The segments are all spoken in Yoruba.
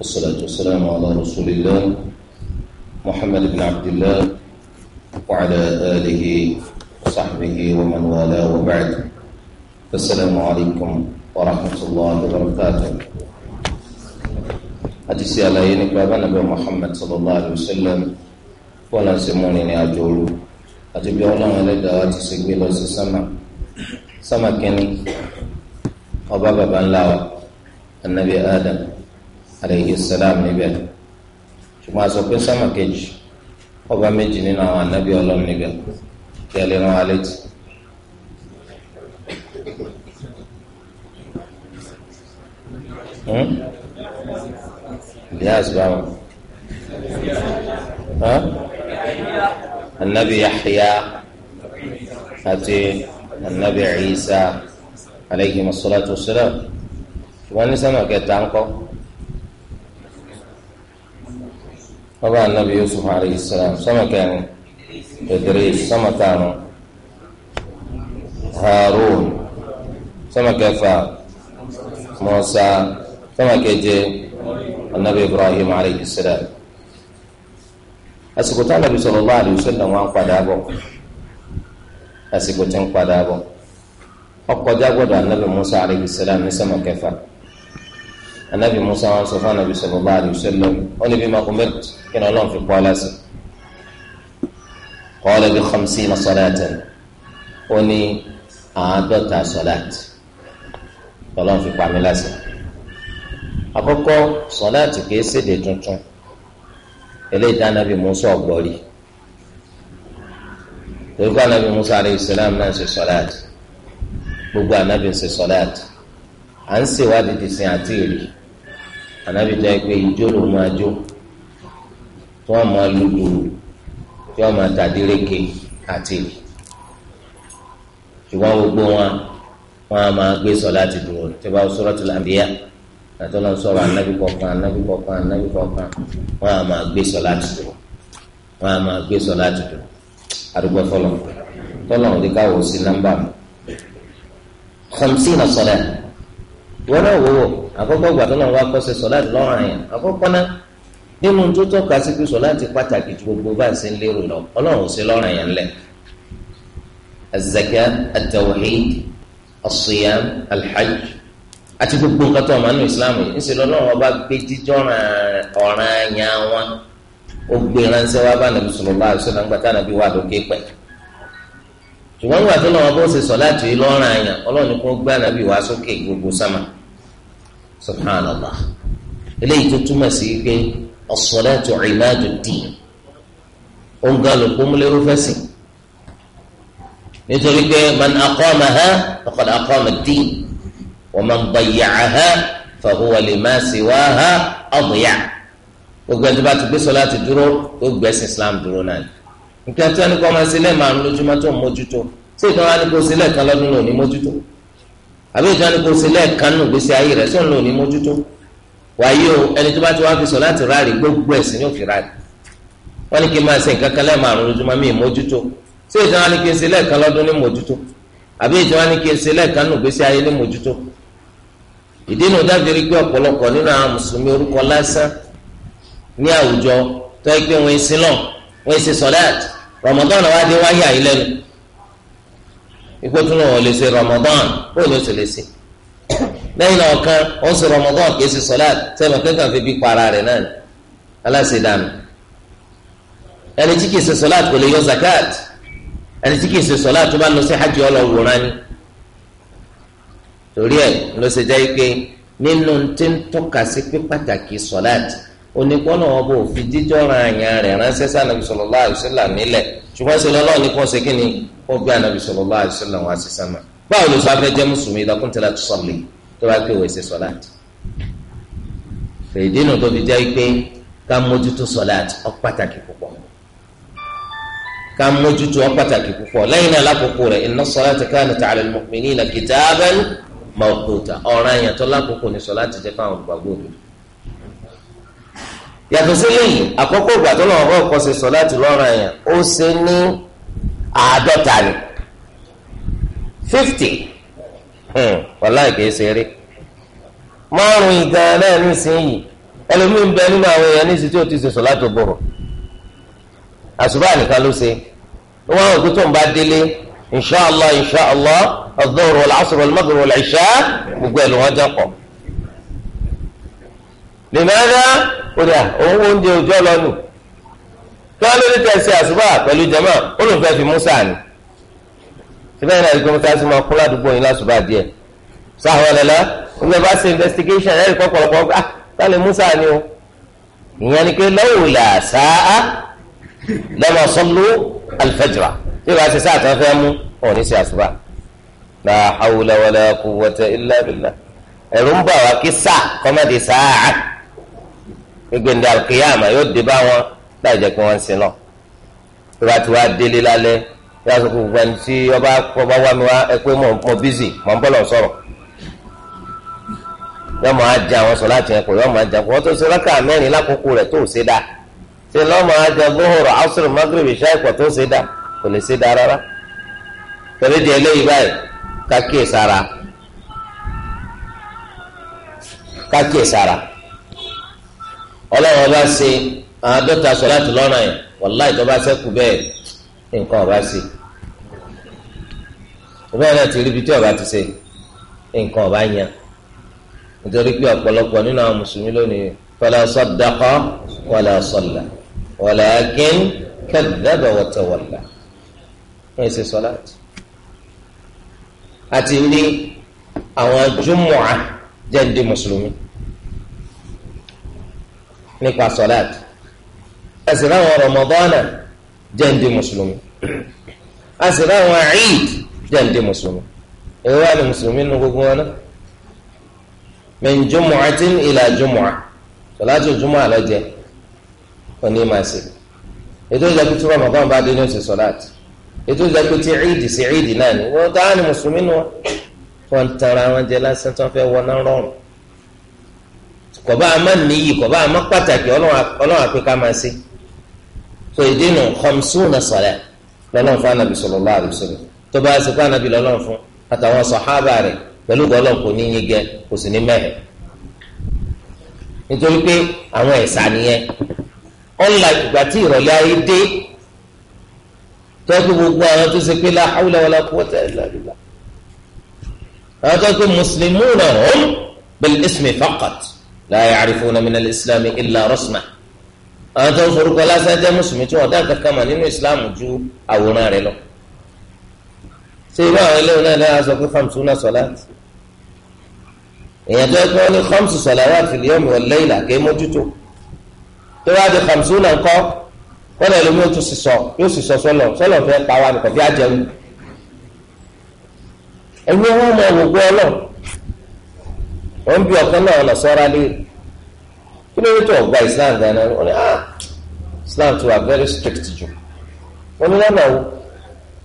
والصلاة والسلام على رسول الله محمد بن عبد الله وعلى آله وصحبه ومن والاه وبعد السلام عليكم ورحمة الله وبركاته حديثي على ينك بابا نبي محمد صلى الله عليه وسلم ولا سموني نعجول أجب يولان على دعوات سجبيل وسسمع سمع كني وبابا بان لاوى النبي آدم aleyhi salam níbẹ̀ ṣùgbọ́n a sọ pé sọ́mà kejì ọba méjì nínú àwọn anábì ọlọ́run níbẹ̀ kí ẹ lè rán wa létí. Ìyáàs báwo? Anabi Yahya àti Anabi Isa aleyhi masalatu salam. Ṣùgbọ́n ní sọ́mà kẹta ń kọ́. bàbá anabi yusuf alayhi salam sọmọ kẹrin idris sọmọ karùn harun sọmọ kẹfà musa sọmọ keje anabi ibrahim alayhi salam àsìkò tí anabi sallallahu alayhi wasallam wọn padà bọ̀ tí ń padà ọkọjá gbọ́dọ̀ anabi musa alayhi salam ní sọmọ anabi musa wọn sọ fún anabi sallallahu alaihi wasallam ó ní bí mako mẹt kí ni ọlọ́run fi pọ́ ọ lásì qala bi khamsina salatan ó ní àádọ́ta sọ̀láàtì ọlọ́run fi pa mí lásì àkọ́kọ́ sọ̀láàtì kìí ṣèdè tuntun eléyìí tí anabi musa ọ̀gbọ́rì torí kó anabi musa alayhi salam náà ṣe sọ̀láàtì gbogbo anabi ṣe sọ̀láàtì à ń ṣèwádìí ti sin àti èrè anabi jẹ́ pé ijó ló máa jó tí wọ́n máa lu dùrù tí wọ́n máa tàdíreke àti ìwọ́n gbogbo wọn wọn a máa gbé sọlá ti dúró tí wọ́n bá sọ̀rọ̀ tó làbíyà àtọ́nà sọ̀rọ̀ anabi kọ̀ọ̀kan anabi kọ̀ọ̀kan anabi kọ̀ọ̀kan wọn a máa gbé sọlá ti dúró wọn a máa gbé sọlá ti dúró àdúgbò fọlọ́ tọ́lọ̀ òde káwọ́ sí nọ́mbà mi. khamsina sọlá. wọn náà wò wò àkọ́kọ́ gbàtọ́ náà wá kọ́sẹ̀ sọ̀láàtì lọ́rùn àyàn àkọ́kọ́ náà nínú tó tọ́ka sí pé sọ̀láàtì pàtàkì ju gbogbo bá ń ṣe lérò lọ ọlọ́run sí lọ́rùn àyàn lẹ̀ gbogbo nǹkan tó ọmọ nínú islam yìí ń ṣe ọba gbé jíjọ́ ọ̀ràn àyàn wọn ó gbé ránṣẹ́ wá bá nàbí gbàtà nàbí wà lókè pẹ̀ ṣùgbọ́n bó ṣe subhanallah eléyìí tó túmọ̀ sí pé as-salatu imaduddin ongaluku múlẹ́rú fẹ́sìn nítorí pé man aqamaha faqad aqama ad-din wa man dayya'aha fa huwa lima siwaha adiya' gbogbo ẹni tó bá ti gbé sọlá ti dúró ó gbẹ́sìn islam dúró náà nǹkan tí wọn ní kọ́ máa ṣe lẹ́ẹ̀márùn lójúmọ́ tó ń mójútó ṣé ìtàn wa ní kó ṣe lẹ́ẹ̀kan lọ́dún lónìí mójútó. àbí ìtàn kò sí lẹ́ẹ̀kan nù gbèsè ayé rẹ̀ sọ̀rọ̀ lónìí mójútó wàyí o ẹni tó bá ti wá fi sọ láti ráàlì gbogbo ẹ̀sìn ní òfin ráàlì wọ́n ní kí n máa ṣe nǹkan kan lẹ́ẹ̀márùn lójúmọ́ mi mójútó ṣé ìtàn wọn ní kí n ṣe lẹ́ẹ̀kan lọ́dún ní mójútó kí n ṣe nù gbèsè ayé ní mójútó ikú tún náà wọ́n lè ṣe Ramadan ó ló ṣe lè ṣe lẹ́yìn náà kan ó ṣe Ramadan kì í ṣe sọ́lá sẹ́mi kankan fi bí para rẹ̀ náà aláṣẹ dànù ẹni tí kì í ṣe sọ́lá kò lè yọ zakat ẹni tí kì í ṣe sọ́lá tó bá lọ sí hajj ọlọ́wọ́ra ni torí ẹ̀ ló ṣe jẹ́ ike nínú tí ń tọ́ka sí pé pàtàkì sọ́lá ti onípọ́nà wọn bò fi jíjọ́ra àyàn rẹ̀ ránṣẹ́ sí anabi sallallahu alaihi wasallam nílẹ̀ ṣùgbọ́n ṣe lọ́lọ́ ní kó ṣe kí ni ó gbé anabi sallallahu alaihi wasallam wọn àṣìṣe mà báwo ló sọ afẹ́jẹ́ mùsùlùmí idha kunta la tusalli tó bá pé òwe ṣe sọ̀láàtì fèdínù tó fi jẹ́ pé ká mójútó sọ̀láàtì ó pàtàkì púpọ̀ ká mójútó ó pàtàkì púpọ̀ lẹ́yìn náà yàtọ̀ sí léyìí àkọ́kọ́ ìgbà tó lọ́wọ́ ọkọ̀ ṣe sọ láti lọ́ra yẹn ó ṣe ní àádọ́ta ni fifty hmm, wàláì kìí ṣe eré márùn ìdán náà nísìnyí ẹlòmíín bẹ nínú àwọn èèyàn ní ìsìtí ó ti ṣe sọ láti bọ̀rọ̀ àṣùbà nìkan ló ṣe wọn àwọn òkú tó ń bá délé inṣàlá inṣàlá ọ̀dọ́rọ̀ làásùrọ̀ lọ́dọ̀rọ̀ làṣà gbogbo ẹ̀ ló wọ́n jẹ́ pọ̀. lèmẹ́rẹ́ ó dà òun oúnjẹ òjò lọ́nu kí wọ́n lórí tẹ̀sí àṣùbà pẹ̀lú jama ó lòun fẹ́ fi musa ni síbẹ̀ náà rí kọ́mọ́tà sí máa kó ládùúgbò yín lásùbà díẹ̀ sáwọn ọ̀lẹ́lá ọgbẹ́ bá ṣe investigation ẹ̀rí kọ́kọ́rọ́kọ́ ah táwọn musa ni o ìyẹn ni pé lọ́wọ́lá sáà lẹ́mọ̀ sọ́lú alifẹ́jìrà tí wàá ṣe sáà tó fẹ́ mú ọ̀ ní sí àṣùbà la hawla illa billah ẹ̀rù ń bà wá kí sáà kọ́mọ́dé sáà. gbẹgbẹndé ndị yóò dé bá wọn láì jẹ́ pé wọn sin lọ tó bá ti délé lálẹ́ yóò sọ fún gbogbo ẹni tí ọba ọba wá mi wá ẹ pé mo bízì mo ń lọ sọ̀rọ̀ yóò àwọn sọ láti yóò wọn tó ṣe rákà mẹ́rin lákòókò rẹ̀ tó ṣe dá ṣe lọ́ọ́ máa jẹ gbóhùrọ̀ asr magrib ṣáìpọ̀ tó ṣe dá kò lè ṣe dá rárá pẹ̀lú ọlọ́wọ́ bá ṣe àádọ́ta sọ láti lọ́nà yẹn wàláì tó bá ṣẹ́kù bẹ́ẹ̀ nǹkan ọba ṣe bẹ́ẹ̀ náà ti rí ibi tí ọba ti ṣe nǹkan ọba yan nítorí pé ọ̀pọ̀lọpọ̀ nínú àwọn mùsùlùmí lónìí fala saddaqa wala salla walakin kadhaba wa tawalla ẹ̀ ṣe sọ láti àti ní àwọn jùmọ̀à jẹ́ ndí mùsùlùmí nípa sọláàtì ẹsẹ̀ láwọn rọmọdọ́nà jẹ́ǹdé mùsùlùmí ẹsẹ̀ láwọn ẹ̀ẹ́d jẹ́ǹdé mùsùlùmí èyí wà ní mùsùlùmí nínú gbogbo wọn náà min jumu'atin ila jumu'a sọláàtì jumu'a lọ́jẹ́ òní máa ṣe ètò ìjẹ́pẹ́ tí rọmọdọ́nà bá dé ní oṣù sọláàtì ètò ìjẹ́pẹ́ tí ẹ̀ẹ́d sí ẹ̀ẹ́d náà ni wọ́n dáhà ní mùsùlùmí nù wọn tọ́ntara wọn jẹ lásán tó ń fẹ́ wọná rọrùn kọba ama nìyí kọba ama pàtàkì ọlọ́run àpè ká máa ṣe tó ìdí nù khamsuna sọ̀rẹ́ lọ́lọ́run fún anabi sallallahu alaihi wasallam tó bá ṣe fún anabi lọ́lọ́run fún àtàwọn sàhábà rẹ̀ pẹ̀lú gbọ́lọ́ kò ní yín gẹ kò sì ní mẹ́hẹ̀ nítorí pé àwọn ẹ̀sà nìyẹn ọ̀là ìgbà tí ìrọ̀lẹ́ ayé dé tọ́jú gbogbo àwọn tó ṣe pé la hawla wala quwwata àwọn tó ṣe pé muslimuna hum bil ismi faqat la ya'rifuna min al-islam illa rasma àwọn tó ń forúkọ lásán jẹ́ mùsùlùmí tí wọ́n dá kankan mọ̀ nínú islam ju àwòrán rẹ̀ lọ ṣé irú àwọn eléyìí náà lẹ́yìn aṣọ pé khamsuna salat èèyàn tó ẹ pé wọ́n ní khamsu salawat fil yawmi wal layla kì í mójútó tó bá di khamsuna ńkọ́ wọ́n lè lómi ó tún yóò sì sọ sọlọ sọlọ pa wa nìkan fi ó ń bí ọ̀kan náà ọ̀nà sọ́ra léèrè kí ló dé tó ọ̀gbà Islam dáná ah Islam ti wà very strict jù ó ni lọ́nà o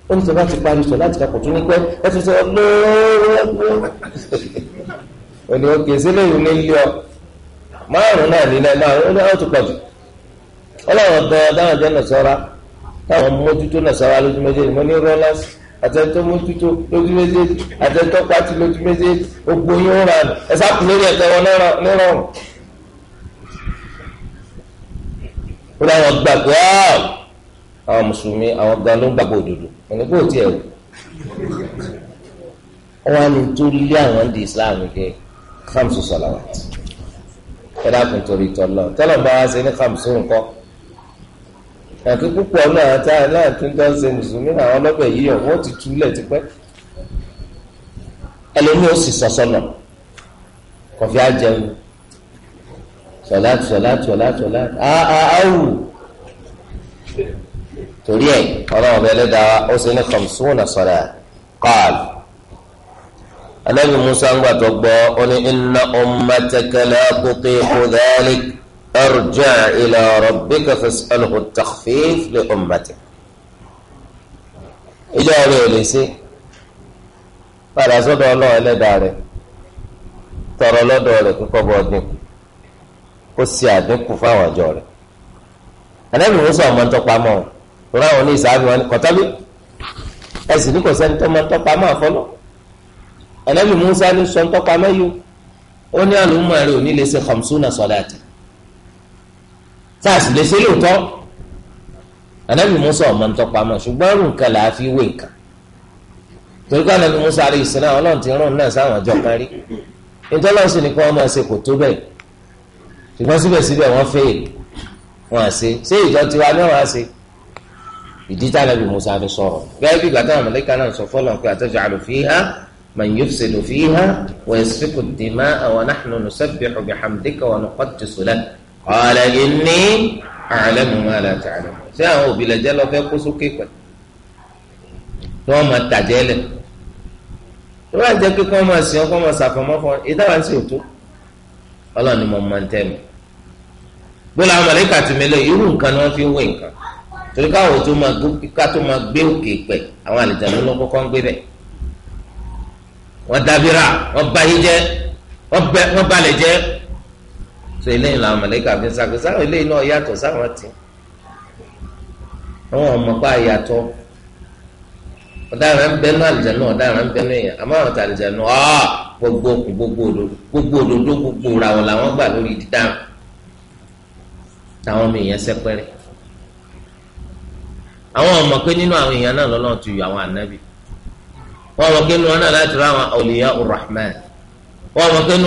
ó ní tó ti parí sọ láti tó ní ẹ ti sọ lóòrò ó ní òkè sílẹ̀ ní ilé ọ márùn náà táwọn mójútó ní àtẹ̀tọ́ mójútó lójú méjèèjì àtẹ̀tọ́ pàtì lójú méjèèjì gbogbo yín rà ẹ̀sà kùlérì ẹ̀tẹ̀wọ̀ nírọ̀rùn. ó dáwọn gbàgbé àwọn mùsùlùmí àwọn gan ló ń gbàgbọ́ òdodo ẹni kò tiẹ̀ wò wọn á ní torí ilé àwọn di Islam kẹ khamsu salawat ẹ dákun torí tọ́lọ̀ tọ́lọ̀ bá wá sí ní khamsu nǹkan àti púpọ̀ náà tá a náà tún tán ṣe mùsùlùmí náà àwọn ọlọ́bẹ̀ yìí ọ̀ wọ́n ti túlẹ̀ tipẹ́ ẹlẹ́ni ó sì sọ̀sọ̀nà kọfí ajẹun sọ̀láàtù sọ̀láàtù sọ̀láàtù sọ̀láàtù ááwù torí ẹ̀ ọlọ́run ọ̀bẹ ẹlẹ́dàá ó ṣe ní kọ̀mùsùn sọ̀rọ̀ kọ́ọ̀lù alẹ́ musa ń gbà gbọ́ ó ní iná ọmọ tẹkẹlẹ́ kókè kó dẹ́ẹ́lì. ارجع إلى ربك فاسأله التخفيف لأمتك ìjọ rẹ ò lè ṣe padà sọ́dọ̀ Ọlọ́run Ẹlẹ́dàá rẹ tọrọ lọ́dọ̀ rẹ kíkọ bọ ọdún kó ṣe àdínkù fáwọn àjọ rẹ ànábì Mùsá ọmọ ntọpamọ rọra wọn ní ìsáàbì wọn kọtàbí ẹsìn ní kò sẹ́ni tó mọ ntọpamọ àfọlọ ànábì Mùsá ní sọ ntọpamọ yìí ó ní àlùmọ rẹ ò ní lè ṣe khamsuna salati sars lè ṣe lóòótọ́ anabi musa ọmọ ntọ́pamọ́ ṣùgbọ́n ẹrù nǹkan là á fi wé nǹkan torí pé anabi musa àrí ìsinmi àwọn ọlọ́run ti rán náà sáwọn ọjọ́ kan rí nítorí ọ̀sìn ni kí wọ́n máa ṣe kò tó bẹ́ẹ̀ ṣùgbọ́n síbẹ̀síbẹ̀ wọ́n fẹ́ wọn à ṣe ṣé ìjọ tiwa ni wọ́n á ṣe ìdí tí anabi musa fi sọ̀rọ̀ gẹ́gẹ́ bí gbàtà àmàlẹ́kà náà sọ fọ́lọ́n pé ataj'alu fiha man yufsidu fiha wa yasfiku dima'a wa ọ̀lẹ́ ìní àlẹ́ mi máa la tààlẹ́ ṣé àwọn òbí lẹ́jẹ́ lọ fẹ́ kó sókè pẹ̀ tí wọ́n máa tàjẹ́ lẹ̀ tó bá ń jẹ́ pé kí wọ́n máa sìn ọ́ kí wọ́n ọ so eléyìí làwọn mọ̀lẹ́kà fi ń sago sáwọn eléyìí náà yàtọ̀ sáwọn tì àwọn ọmọ pa yàtọ̀ ọ̀daràn ń bẹnu àlùjánu ọ̀daràn ń bẹnu èèyàn àmọ́ gbogbo gbogbo òdodo gbogbo òdodo gbogbo ràwọ̀ làwọn gbà lórí dídáhùn táwọn sẹ́pẹ́rẹ́ àwọn ọmọ pé nínú àwọn èèyàn náà lọ́nà ti yọ àwọn ànábì wọ́n mọ̀ pé nínú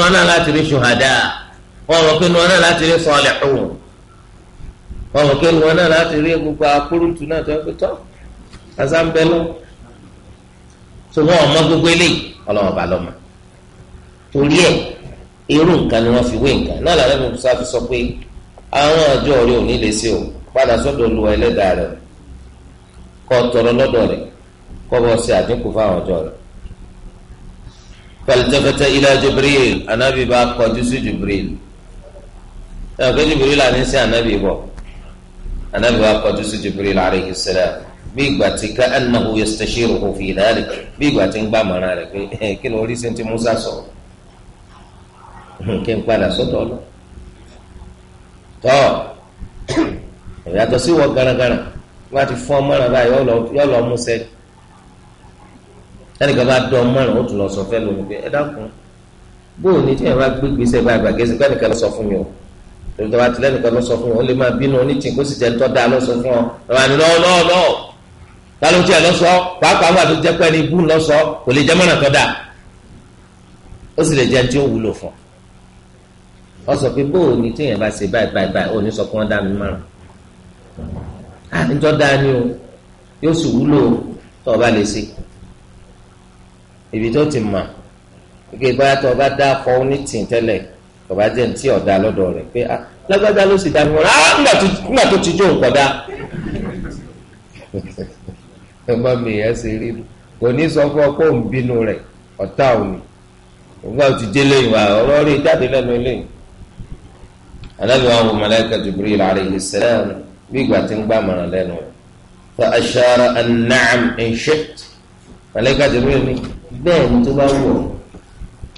wọn náà láti rí wọn mọ̀ pé nu wọn náà láti rí salihun wọn mọ̀ pé nu wọn náà láti rí gbogbo akúrútù náà tó ń pè tọ́ asámbẹ́ lọ tó wọn ọmọ gbogbo eléyìí ọlọ́wọ́n bá lọ́mọ torí ẹ̀ irú nǹkan ni wọ́n fi wé nǹkan náà làwọn ẹ̀mí sá sọ pé àwọn ọjọ́ rẹ ò ní lè ṣe o padà sọ́dọ̀ Olúwa ẹlẹ́dàá rẹ kọ́ tọrọ lọ́dọ̀ rẹ kọ́ bọ́ ṣe àdínkù fáwọn ọjọ́ rẹ فالتفت إلى جبريل أنا بباق قدس جبريل ẹ̀ pé Jibril ní anabi bọ̀ anabi wa kọjú sí Jibril alayhi salam bí ìgbà tí ká ẹnàwó yastashiruhu fi dhalik bí ìgbà tí ń gbà mọ́ra rẹ̀ pé kí ni orí ti Musa kí n padà sọ́dọ̀ lọ tọ́ ìyàtọ̀ sí wọ garagara wọ́n ti fún ọmọ náà báyìí yọ lọ mú sẹ́yìn ẹnìkan bá dán ọmọ náà ó tún lọ sọ fẹ́ lómi pé ẹ dákun bóun ni tí ẹ bá gbégbé sẹ́ báyìí bàgẹ́sì lọ sọ fún mi o. torí tó bá tilẹ̀ nìkan lọ sọ fún wọn ó lè máa bínú onítìǹ kó sì jẹ́ tọ́ da lọ sọ fún ọ ọ̀rọ̀ àná lọ́wọ́ lọ́wọ́ lọ́wọ́ ta ló tiẹ̀ lọ sọ pàápàá wà tó jẹ́ pé ẹni bú lọ sọ kò lè jẹ́ mọ́nà tọ́ da ó sì lè jẹ́ tí ó wúlò fún ọ sọ pé bóò ni téèyàn bá ṣe báyìí báyìí báyìí ò ní sọ pé wọ́n dá mi márùn à ń tọ́ da ni o yóò sì wúlò tó o bá lè ṣe ibi tó ti mọ̀ ike báyà tó o bá dá afọ onítìǹ tẹ́lẹ̀ bàbá jẹ́ ní tí ọ̀dà lọ́dọ̀ rẹ̀ pé ah, lágbájá ló sì dáná rà á ńgbà tó ti jó nǹkan dá. ẹ má mi ẹ ṣe rí nu kò ní sọ fún ọ pé òun bínú rẹ̀ ọ̀tá òun ògbà tó ti dé lẹ́yìn wa ọ̀rọ̀ rí jáde lẹ́nu lẹ́yìn. anábì wa wò màláíkà Jibril alayhi salam bí ìgbà tí ń gbà mọ̀ràn lẹ́nu rẹ̀ fa ashara an na'am in shi't màláíkà Jibril ni bẹ́ẹ̀ ni tó bá wù ọ́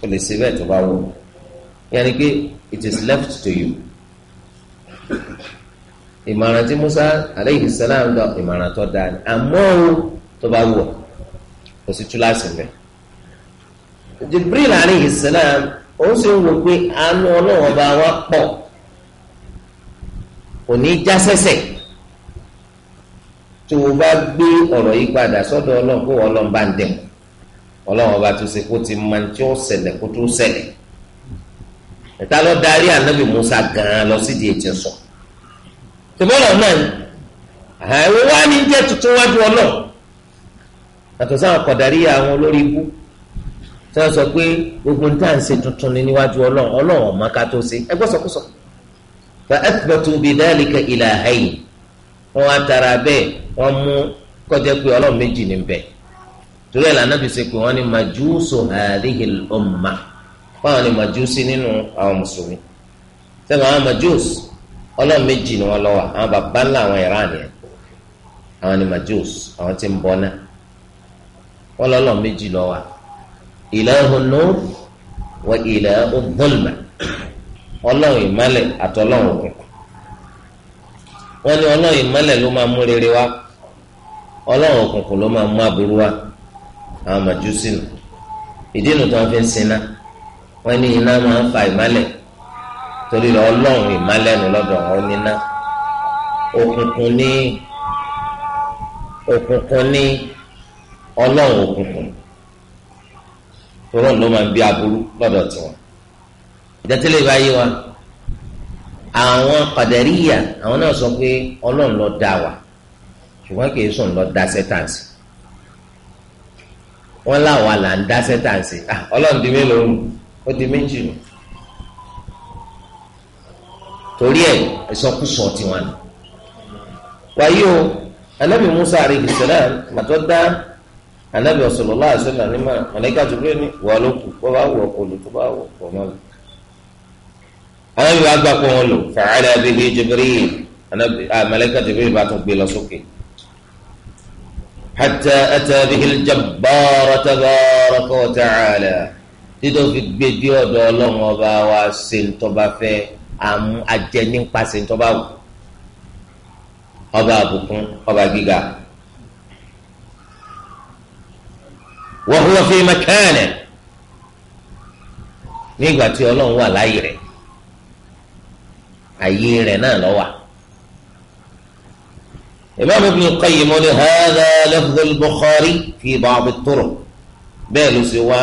kò lè ṣe bẹ́ẹ̀ tó bá wù ọ́ yàni pé it is left to you ìmọ̀ràn tí Musa aleyhi salam dọ̀ ìmọ̀ràn tó dáa ni àmọ́ o tó bá wù ọ́ kò sí túláàsì rẹ̀ Jibril aleyhi salam ó sì ń wò pé àánú ọlọ́wọ́n bá wa pọ̀ kò ní já sẹ́sẹ̀ tó o bá gbé ọ̀rọ̀ yìí padà sọ́dọ̀ ọlọ́run kó ọlọ́run bá ń dẹ̀ ọlọ́run ọba tó ṣe kó ti máa ń tí ó ṣẹlẹ̀ kó tó ṣẹlẹ̀ ẹ̀ta lọ darí ànábì Musa gan-an lọ sí di ètí sọ tòbọ́lọ̀ náà ni àwọn wá ní jẹ́ tuntun wájú ọlọ́ àtọ̀ sáwọn kọ̀dárí àwọn olórí ibú tí wọ́n sọ pé gbogbo ní táà ń ṣe tuntun ní níwájú ọlọ́ ọlọ́run ọ̀ma ká tó ṣe ẹgbẹ́ sọkúsọ. fa athbatu bidhalika ilahayn wọn á tara bẹ́ẹ̀ wọ́n mú kọjá pé ọlọ́run méjì ní bẹ́ẹ̀ torí ẹ̀ lànà bí ṣe pé wọ́n ní majusu hadhihi báwọn ni màjúsí nínú àwọn mùsùlùmí sẹ́wọ̀n àwọn màjús ọlọ́run méjì ni wọ́n lọ wà àwọn bàbá ńlá àwọn ìran yẹn àwọn ni màjús àwọn tí ń bọ náà wọ́n lọ́lọ́run méjì lọ wà ọlọ́run àtọ́lọ́run wọ́n ní ọlọ́run ló wọ́n ní iná máa ń fa ìmálẹ̀ torí rẹ̀ ọlọ́run ìmálẹ̀nu lọ́dọ̀ wọn níná òkùnkùn ní òkùnkùn ní ọlọ́run òkùnkùn tòrọ̀ ló máa ń bí aburú lọ́dọ̀ tiwọn. ìdátẹ́lẹ̀ bá wa àwọn Qadariyya àwọn náà sọ pé lọ dá wa ṣùgbọ́n kì í sùn ló dá sẹ́tàǹsì là ń dá ó di méjì nù torí ẹ ìsọkúsọ tiwọn ni wàyí o anabi musa aleyhi salam gbàtọ dá anabi ọsọlọlá àṣẹlá ní ma mọlẹka jùlọ ní wà ló kù kó bá wọ kó lò tó bá wọ kó anabi wa gbà pé wọn lò fàálẹ abébé jibril anabi mọlẹka jibril bá tún gbé lọ sókè hatta ata bihil jabbaara tabaaraka wa títí fi gbé dé ọ̀dọ̀ ọlọ́run ọba wa ṣe ntọ́ba fẹ́ àmú ajẹ́ nípa ṣe ntọ́ba wù ọba àbùkún ọba gíga. wa huwa fi makane nígbà tí ọlọ́run wà láàyè rẹ̀ àyè rẹ̀ náà ló wà. Imam Ibn Qayyim ní hadha lafdh al-Bukhari fi ba'd at-turuq bẹ́ẹ̀ ló ṣe wá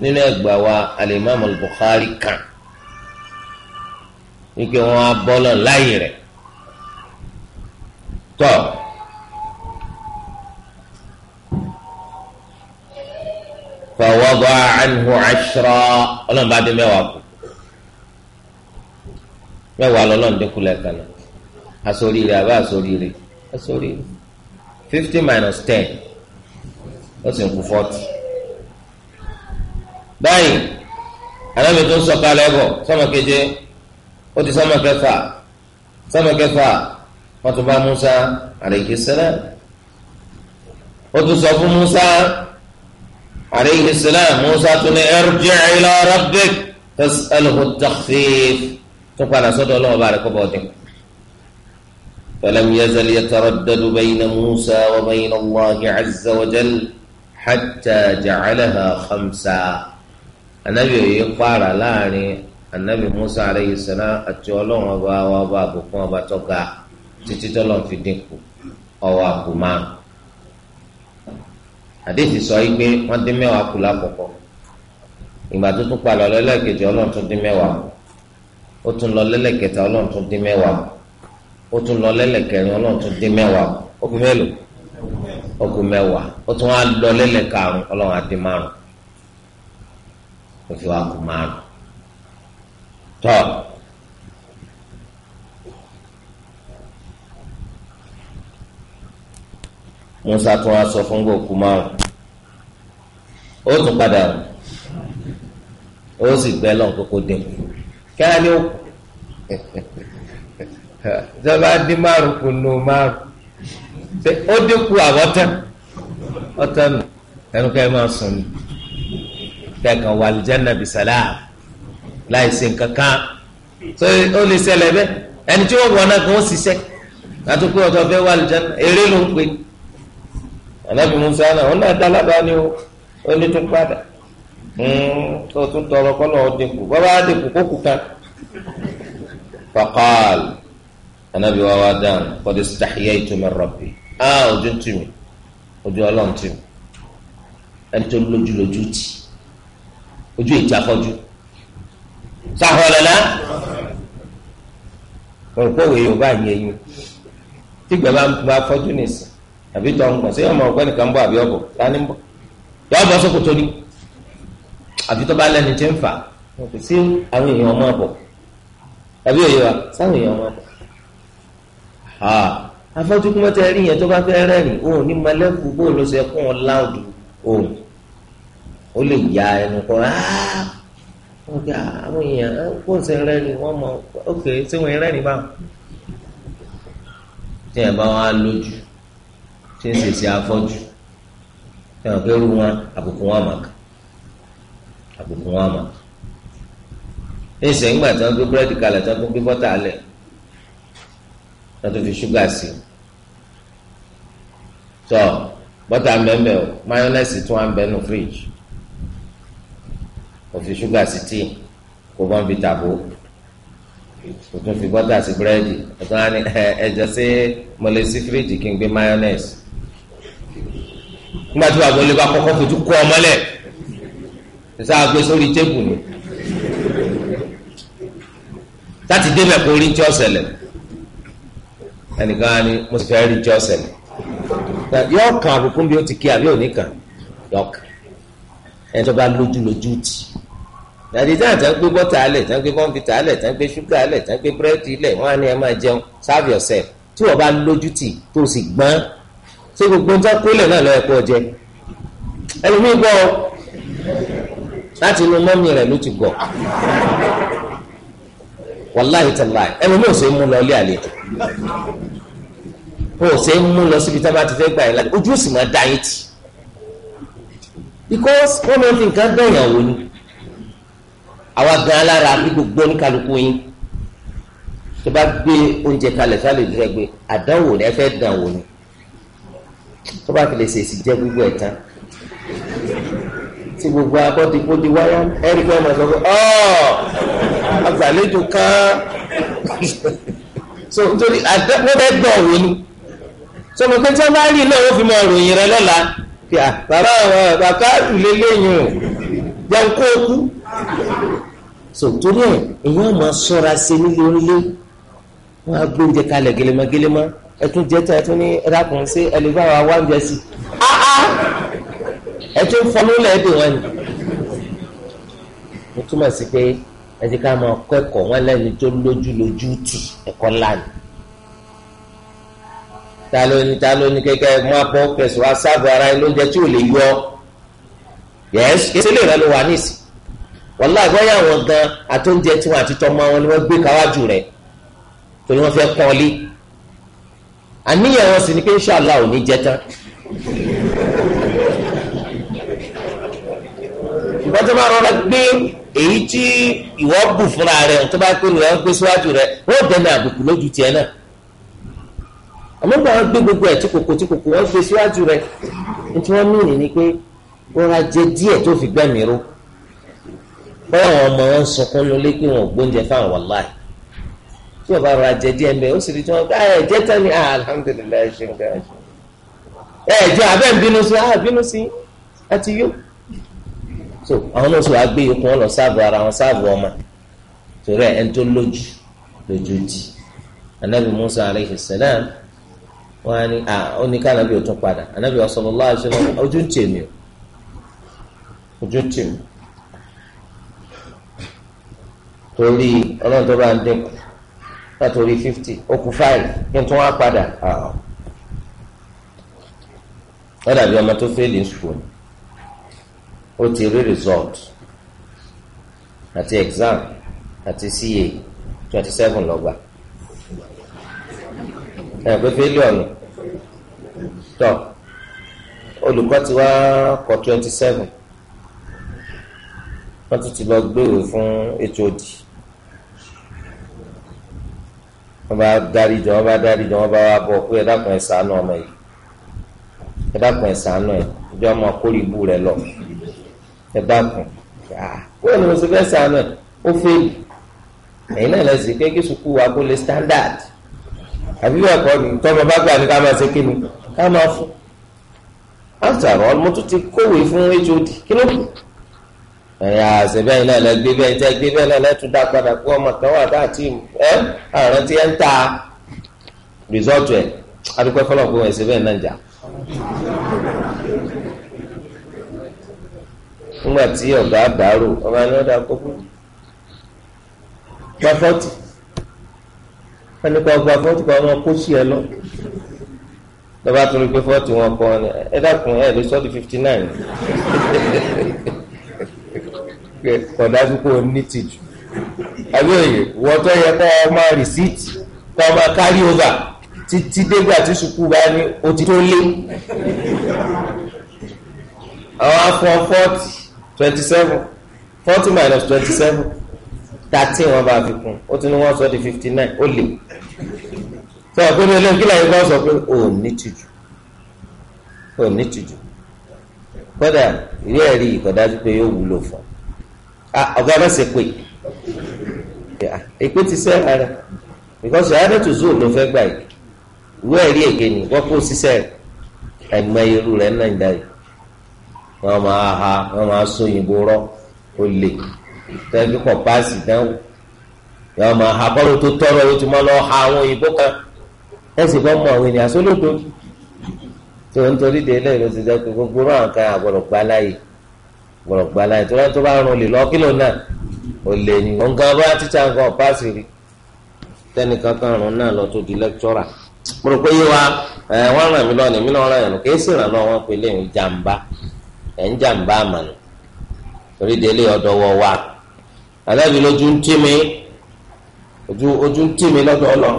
nínú ẹgbà wa alimami al-Bukhari kan wípé wọn á bọ́lọ̀ láyè rẹ̀ tọ́ fọwọ́gbọ́ anhu ashra ọlọ́run bá dé mẹ́wàá kù mẹ́wàá lọ́lọ́run dínkù lẹ́ẹ̀kan náà asoríire àbá asoríire fifty minus ten ó sì ń kú forty. báyìí alábì tó ń sọ̀kalẹ̀ bọ̀ sọ́mọ keje ó ti sọ́mọ kẹfà sọ́mọ kẹfà wọ́n tún bá Musa alayhi salam ó tún sọ fún Musa alayhi salam Musa tún ní irji' ila rabbik tas'alhu at-takhfif tó padà sọ́dọ̀ ọlọ́wọ́ bá rẹ̀ kọ́ bọ́ ọdún. فلم يزل يتردد بين موسى وبين الله عز وجل حتى جعلها خمسا anabi òye kpara láàrin anabi musa aleyhi salam àti ọlọ́run ọba wa ọba àbùkún ọba tọga ga títí tọ́lọ́ fi dínkù àkùmá àdéhìí sọ yìí pé wọ́n dín mẹ́wàá kù lákọ̀ọ́kọ́ ìgbà tó tún tún dín kù ó tún lọ tún dín kù ó wá lọ márùn òfin wa kù márùn tọ́ musa tún wá sọ fún gbòkú márùn ó tún padà ó sì gbẹ lọ́n kókó dínkù kíá ni ó kù ìjọba dín márùn kù nù márùn ó dínkù àbọ̀tán ọ̀tán nù ẹnu ká máa sùn ni kẹkàn wà aljanna bisalam láì ṣe nǹkan so ó lè ṣẹlẹ̀ bẹ ẹni tí wọn wọ náà kàn ó ṣiṣẹ́ àti pé ọtọ fẹ wà aljanna eré ló ń pè ní anabi musa náà wọn náà dá lábàá ni ó ó ní tún padà hmm, tó tún tọrọ kọlọ ọdínkù bàbá àdínkù kó kú kan faqal anabi wa wa dáhùn qad istahyaytu min rabbi á ah, ojú tì ojú ọlọ́run ẹni tó lójú lójú tì í ojú èyí tí a òrùkọ́wé yorùbá yìí ẹ̀yìn tí bá fọ́jú nìsín àbí tọ́ ń gbọ̀n sí ọmọ ọ̀gbẹ́ni kan bọ̀ àbí ọ̀bọ̀ tani ń bọ̀ yọ ọ̀bọ̀ sókòtò ni àbí tọ́ bá lẹ́ni tí ń fà kò sí àwọn èèyàn ọmọ ọ̀bọ̀ àbí òye wa sáwọn èèyàn ọmọ ọ̀bọ̀ afọ́jú kúmọ́tẹ́ rí yẹn tó bá fẹ́ rẹ́rìn òun ní malẹ́kù bóun ṣe kún ọ láòdù òun ó lè ya ẹnu kọ áá wọ́n gbé ah, àwọn èèyàn ah, kó ṣe rẹ́ni wọ́n mọ ókè ṣé wọ́n rẹ́ni báwọn. tí ẹ bá wọn lójú tí ẹ sì ṣe afọ́jú tí wọn fẹ́ẹ́ rú wọn àbùkù wọn àmàkà àbùkù wọn àmàkà. ní ìsẹ̀yìn gbà tí wọ́n gbé búrẹ́dì kalẹ̀ tí wọ́n gbé bọ́tà alẹ̀ wọ́n tó fi ṣúgà sí i. tọ́ bọ́tà mẹ́mẹ́ o máyọ́nẹ́sì tún wà ń nù fíríjì kò fi ṣúgà sí tíì kò bọ́n fi tàbó kò tún fi bọ́tà sí búrẹ́dì ọ̀tún á ní ẹ̀jẹ̀ sí mọ̀lẹ́ sí fíríjì kí n gbé mayonnaise nígbà tí bàbá olè bá kọ́kọ́ fojú kọ́ ọmọlẹ̀ ṣáà gbé sórí tébù ni láti débẹ̀ kó rí ń tí ọ ṣẹlẹ̀ ẹnìkan á ní mo sì fẹ́ rí ń tí ọ ṣẹlẹ̀ yọ̀ọ̀kan àbùkù bí ó ti kí àbí òní kan yọ̀ọ̀kan ẹni tó bá lójú lójú tì í dàdí dáhùn tán gbé bọ́tà alẹ̀ tán gbé bọ́ǹfìtà alẹ̀ tán gbé ṣúgà alẹ̀ tán gbé búrẹ́dì ilẹ̀ wọ́n á ní ẹ máa jẹun serve yourself tí wọ́n bá lójú tì tó sì gbọ́n ṣé gbogbo ń tán kólẹ̀ náà lọ́ọ́ ẹ̀kọ́ jẹ ẹlòmíì gbọ́ láti inú mọ́mí rẹ̀ ló ti gbọ́ wàláhì tàláhì ẹlòmíì ò ṣe é mú lọ ilé ò ṣe mú lọ síbi tábà ti fẹ́ gbà yín láti ojú ò sì máa dá yín tì because wọ́n máa fi nǹkan bẹ̀yàn àwa gan alára bí gbogbo oníkàlùkù yín tó bá gbé oúnjẹ kalẹ̀ sálẹ̀ ìlú àdánwò rẹ̀ fẹ́ dànwò ni tó bá fi lè ṣèṣì jẹ́ gbogbo ẹ̀ tán tí gbogbo abọ́dìbọ́dì wáyà ẹ̀rí pé ọmọ ìsọ̀kọ̀ ọ́ àgbàlejò kan so nítorí àdánwò rẹ̀ dànwò ni so mo pé tí wọ́n bá rí ilé ìwọ́n fi mọ ròyìn rẹ̀ lọ́la ah, bàbá bàbá ìlélẹ́yìn o jẹun kó o kú so torí ẹ èyàn máa ṣọ́ra ṣe nílé onílé wọn á gbé oúnjẹ kalẹ̀ gẹlẹmọgẹlẹmọ ẹtún jẹta ẹtún ní ẹdàkùn sí ẹlẹgbẹ́ àwọn awá oúnjẹ sí ẹtún fọlọlẹ ẹdè wọn ni mo túmọ̀ sí pé ẹ ti ká máa kọ́ ẹ̀kọ́ wọn lẹ́ni tó lójú tì ẹ̀kọ́ lánàá ta ló ní ta ló ní kẹkẹ máa bọ́ kẹsàn-án sáàbù ara ẹ lóúnjẹ tí ò lè yọ yẹ ẹ sílẹ̀ rẹ ló wà nísìnyí wàláì bọ́yá àwọn gan àtóúnjẹ tí wọn àti tọmọ wọn ni wọ́n gbé káwájú rẹ̀ torí wọ́n fẹ́ pọ́n lé àníyàn wọn sì ni pé ṣàlá ò ní jẹ tán ìbọn tó máa rọra gbé èyí tí ìwọ bù fúnra rẹ tó bá pé rẹ ń gbé síwájú rẹ wọn ò dẹnu àbùkù lójú tiẹ̀ náà àmọ́ bá wọn gbé gbogbo ẹ̀ tí kòkó tí kòkó wọn gbé síwájú rẹ ní tí wọ́n mìíràn ni pé rọra jẹ díẹ̀ tó fi gbẹ̀mí bọ́lá àwọn ọmọ wọn ń sunkún lólé pé wọn ò gbóúnjẹ fáwọn wàláì tí o bá ra jẹ díẹ̀ mbẹ ó sì rí tí wọn bá ah, ẹ jẹ ah, alhamdulilayi ṣe ń ẹ ẹ jẹ bínú ah bínú sí àti yó so àwọn náà sọ ikùn lọ sáàbù ara wọn sáàbù ọmọ anabi musa aleyhi salam wọn á ní ah, ó ní ká anabi ò tún padà anabi torí ọlọ́run tó bá ń dínkù látòrí fifty okùn five kí n tún wá padà ah. ó dàbí ọmọ tó fẹ́ẹ̀lì school ó ti rí result àti exam àti CA twenty seven lọ́gbà ẹ̀ pé fẹ́ẹ̀lì ọ̀nà tọ́ olùkọ́ ti wá kọ twenty seven wọ́n tún ti lọ gbèrò fún HOD wọ́n bá dárí jọ wọ́n bá dárí jọ wọ́n bá wá bọ̀ pé ẹ dákun ẹ ṣàánú ọmọ yìí ẹ dákun ẹ ṣàánú ẹ ìjọ ọmọ kórè ibú rẹ lọ ẹ dákun wọ́n ní mo ti fẹ́ ṣàánú ẹ ó fẹ́ẹ̀lì ẹ̀yin náà lẹ́sìn pé kí sùkúù wa kó lè standard àbí bẹ́ẹ̀ kọ́ ni tọ́mọ bá gbà ní ká máa ṣe kíni ká máa fún after all mo tún ti kówèé fún hod kí ló kù ẹ̀yà àṣẹbẹ́ yìí náà lẹ gbé bẹ́ẹ̀ tẹ́ gbé bẹ́ẹ̀ náà lẹ́tún dá padà pé ọmọ kan wà tá àti ẹ àrùn tí ẹ ń ta rìsọ́ọ̀tù ẹ̀ adúpẹ́ fọlọ́ pé wọ́n ẹ̀ṣẹ̀ bẹ́ẹ̀ náà jà. nígbà tí ọ̀gá àbárò ọba ni wọ́n dá kókó gba fọ́ọ̀tì wọ́n ní kó gba fọ́ọ̀tì kó ọmọ kó sí ẹ lọ lọ́ba tó rí pé fọ́ọ̀tì wọn kọ́ ẹ dákun ẹ lè sọ́ọ̀tì fifty nine kọ̀dájú kó o ní tìjú àbíòye wọ́n tó yẹ kọ́ ọmọ rìsíìtì kọ́ ọmọ kárí ova títí dégbà tí sùkú bá ní o tó lé àwọn afọ fọ́ọ̀tì twenty seven forty minus twenty seven thirteen wọn bá fi kún ó ti ní wọn sọ di fifty nine ó lè sọ pé ní olóyún kí lóyún bá sọ pé ò ní tìjú ò ní tìjú kódà ìwé ẹ̀rí ìkọ̀dájú pé yóò wúlò fún un. ọ̀gá ẹ má ṣe pé ti sẹ́ rárá because zoo ló fẹ́ gbà yìí ẹ̀rí èké ni wọ́n kó sísẹ́ ẹ̀mọ irú rẹ̀ náà ń dá yìí wọ́n máa ha wọ́n máa sún òyìnbó rọ́ ó lè tẹ́lifí kọ̀ páàsì dánwò máa tọrọ yóò ti máa lọ ha àwọn òyìnbó kan ẹ̀sìn bọ́ mọ àwọn ènìyàn ń torí ló ti gbogbo àgbọ̀dọ̀ gbá gbọ́dọ̀ gba láyé tó lẹ́nu tó bá rún olè lọ kílò náà olè ni òun kan bá títà nǹkan ọ̀páàsì rí tẹ́nì kankan rún náà lọ tó di lẹ́kítọ́rà mo rò pé yé wa wọ́n ràn mí lọ ní mí náà ràn yànnú kìí sì ràn lọ wọn pé lẹ́yìn jàǹbá ẹ̀ ń jàǹbá àmàlù torí délé ọ̀dọ̀ wọ wa àdábì lójú ń tì mí ojú ń tì mí lọ́dọ̀ ọlọ́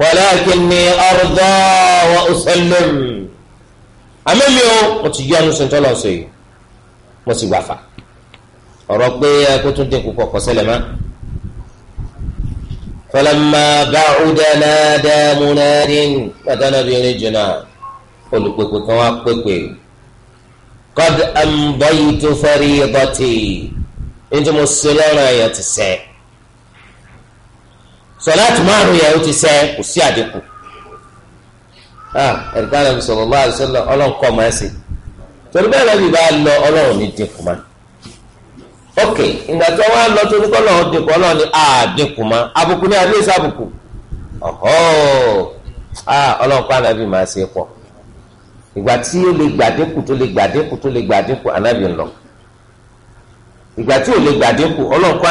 walakinni arda wa àmẹ́mi o mo ti yọ ọ́nù sèǹtọ́ lọ sọ yìí mo sì wà fà ọ̀rọ̀ pé kó tún dín kúkọ̀ kọ́ sẹ́lẹ̀ mọ́. falamma ba'uda nada munadin pàtàkìnrin jìnnà olùpèpè kan wá pèpè qad amdaytu faridati nítorí mo ṣe lọ́rùn ẹ̀yàn ti sẹ́ sọ̀láàtì márùn-ún yẹn ó ti sẹ́ kò sí àdínkù. Ah, ẹ̀ríkà nàbì sallallahu alaihi ọlọ́run kọ́ torí bẹ́ẹ̀ bá lọ ọlọ́run ní dínkù ma ok ìgbà tí wọ́n á lọ torí kọ́ dínkù ọlọ́run ní àdínkù ma àbùkù ní àbí ìsàbùkù ọ̀họ́ ọlọ́run kọ́ ànábì máa ṣe pọ̀ ìgbà tí ó lè gbàdínkù tó lè gbàdínkù tó lè gbàdínkù ànábì ń lọ ìgbà tí lè gbàdínkù ọlọ́run kọ́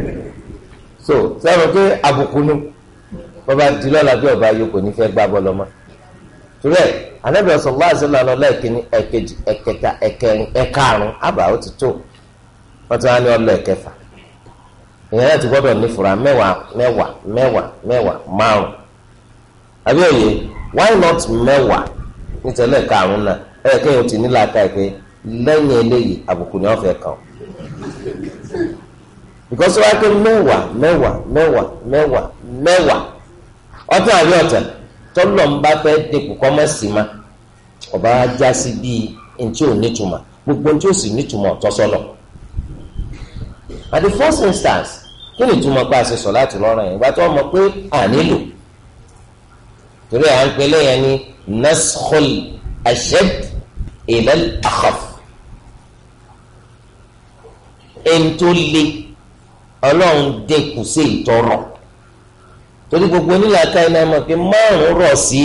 so sábà pé àbùkù nu bàbá di lọ́la bí ọba yòókù ní fẹ́ gbá bọ́ọ̀lù ọmọ torí ẹ anabi ọsọlá àṣẹlá lọlá ẹ̀kejì ẹ̀kẹta ẹ̀kẹrin ẹ̀karùn àbá ó ti tó wọn ti wá ní ọlọ ẹ̀kẹfà ìyẹn ti gbọ́dọ̀ ní fura mẹ́wàá mẹ́wàá mẹ́wàá mẹ́wàá márùn àbí òye why not mẹ́wàá nítorí aka pé lẹ́yìn eléyìí àbùkù ni fẹ́ kàn because wọ́n á pé mẹ́wàá mẹ́wàá mẹ́wàá mẹ́wàá mẹ́wàá ọ̀tún àbí ọ̀tẹ̀ tọ́lọ̀ ń bá fẹ́ dínkù kọ́ mọ́ sí ma ọba wa já sí bíi ntí ò nítumọ̀ gbogbo ntí ò sì nítumọ̀ ọ̀tọ́ at the first instance kí ni ìtumọ̀ pé a sọ láti lọ́rọ̀ yẹn ìgbà tó mọ̀ pé à nílò torí à ń pè lẹ́yìn ní naskhul ashad ila akhaf ẹ̀ ń tó le ọlọ́run dẹ́kun sí ìtọrọ torí gbogbo onílàáká iná ẹ mọ̀ pé márùn rọ̀ sí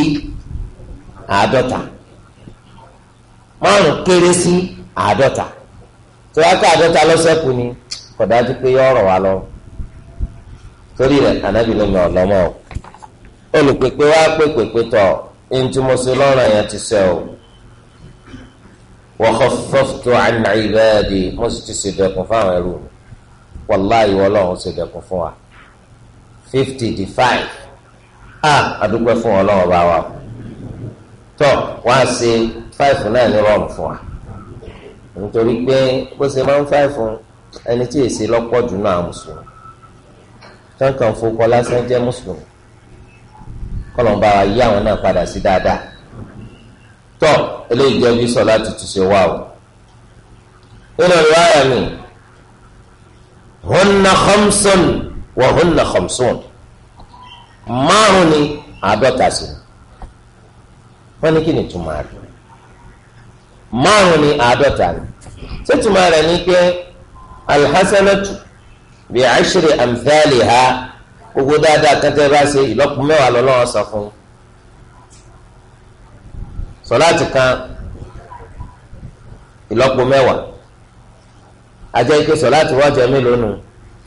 àádọ́ta márùn kéré sí àádọ́ta tó wá ká àádọ́ta lọ́sẹ̀kù ni kò dájú pé yọ ọ̀rọ̀ wa lọ torí rẹ̀ ànábì ló mi ọ̀lọ́mọ o olùpèpè wá pèpèpè tọ̀ ntúmọ̀sí lọ́rọ̀ yẹn ti sẹ́ o wa khaffaftu an ibadi mo sì ti ṣèdẹ̀kùn fáwọn ẹrú mi. wàláì ọlọ́run ṣe dẹkùn fún wa fifty di five ah adúpẹ́ fún ọlọ́run bá wa tọ́ wọ́n á ṣe five náà ní rọrùn fún wa nítorí pé bó ṣe máa ń five ẹni tí èsì lọ́pọ̀ jù náà mùsùlùmí kankan fokọ lásán jẹ́ mùsùlùmí kọ́lọ́n bá wa yí àwọn náà padà sí dáadáa tọ́ eléyìí jẹ́ bí sọ láti túnṣe wá o nínú ìwáyà mi. hunna khamsun wa hunna khamsun márùn ni àádọ́ta sí wọ́n ní kí ni túmọ̀ rẹ̀ márùn ni àádọ́ta rẹ̀ ṣé túmọ̀ rẹ̀ ní pé alhassanatu bi ashri amthaliha gbogbo dáadáa kẹtẹ bá ṣe ìlọ́po mẹ́wàá lọ́lọ́wọ́ sọ fún un sọláàtì kan ìlọ́po mẹ́wàá ajẹ́ pé sọ láti wọ́n jẹ mélòó nù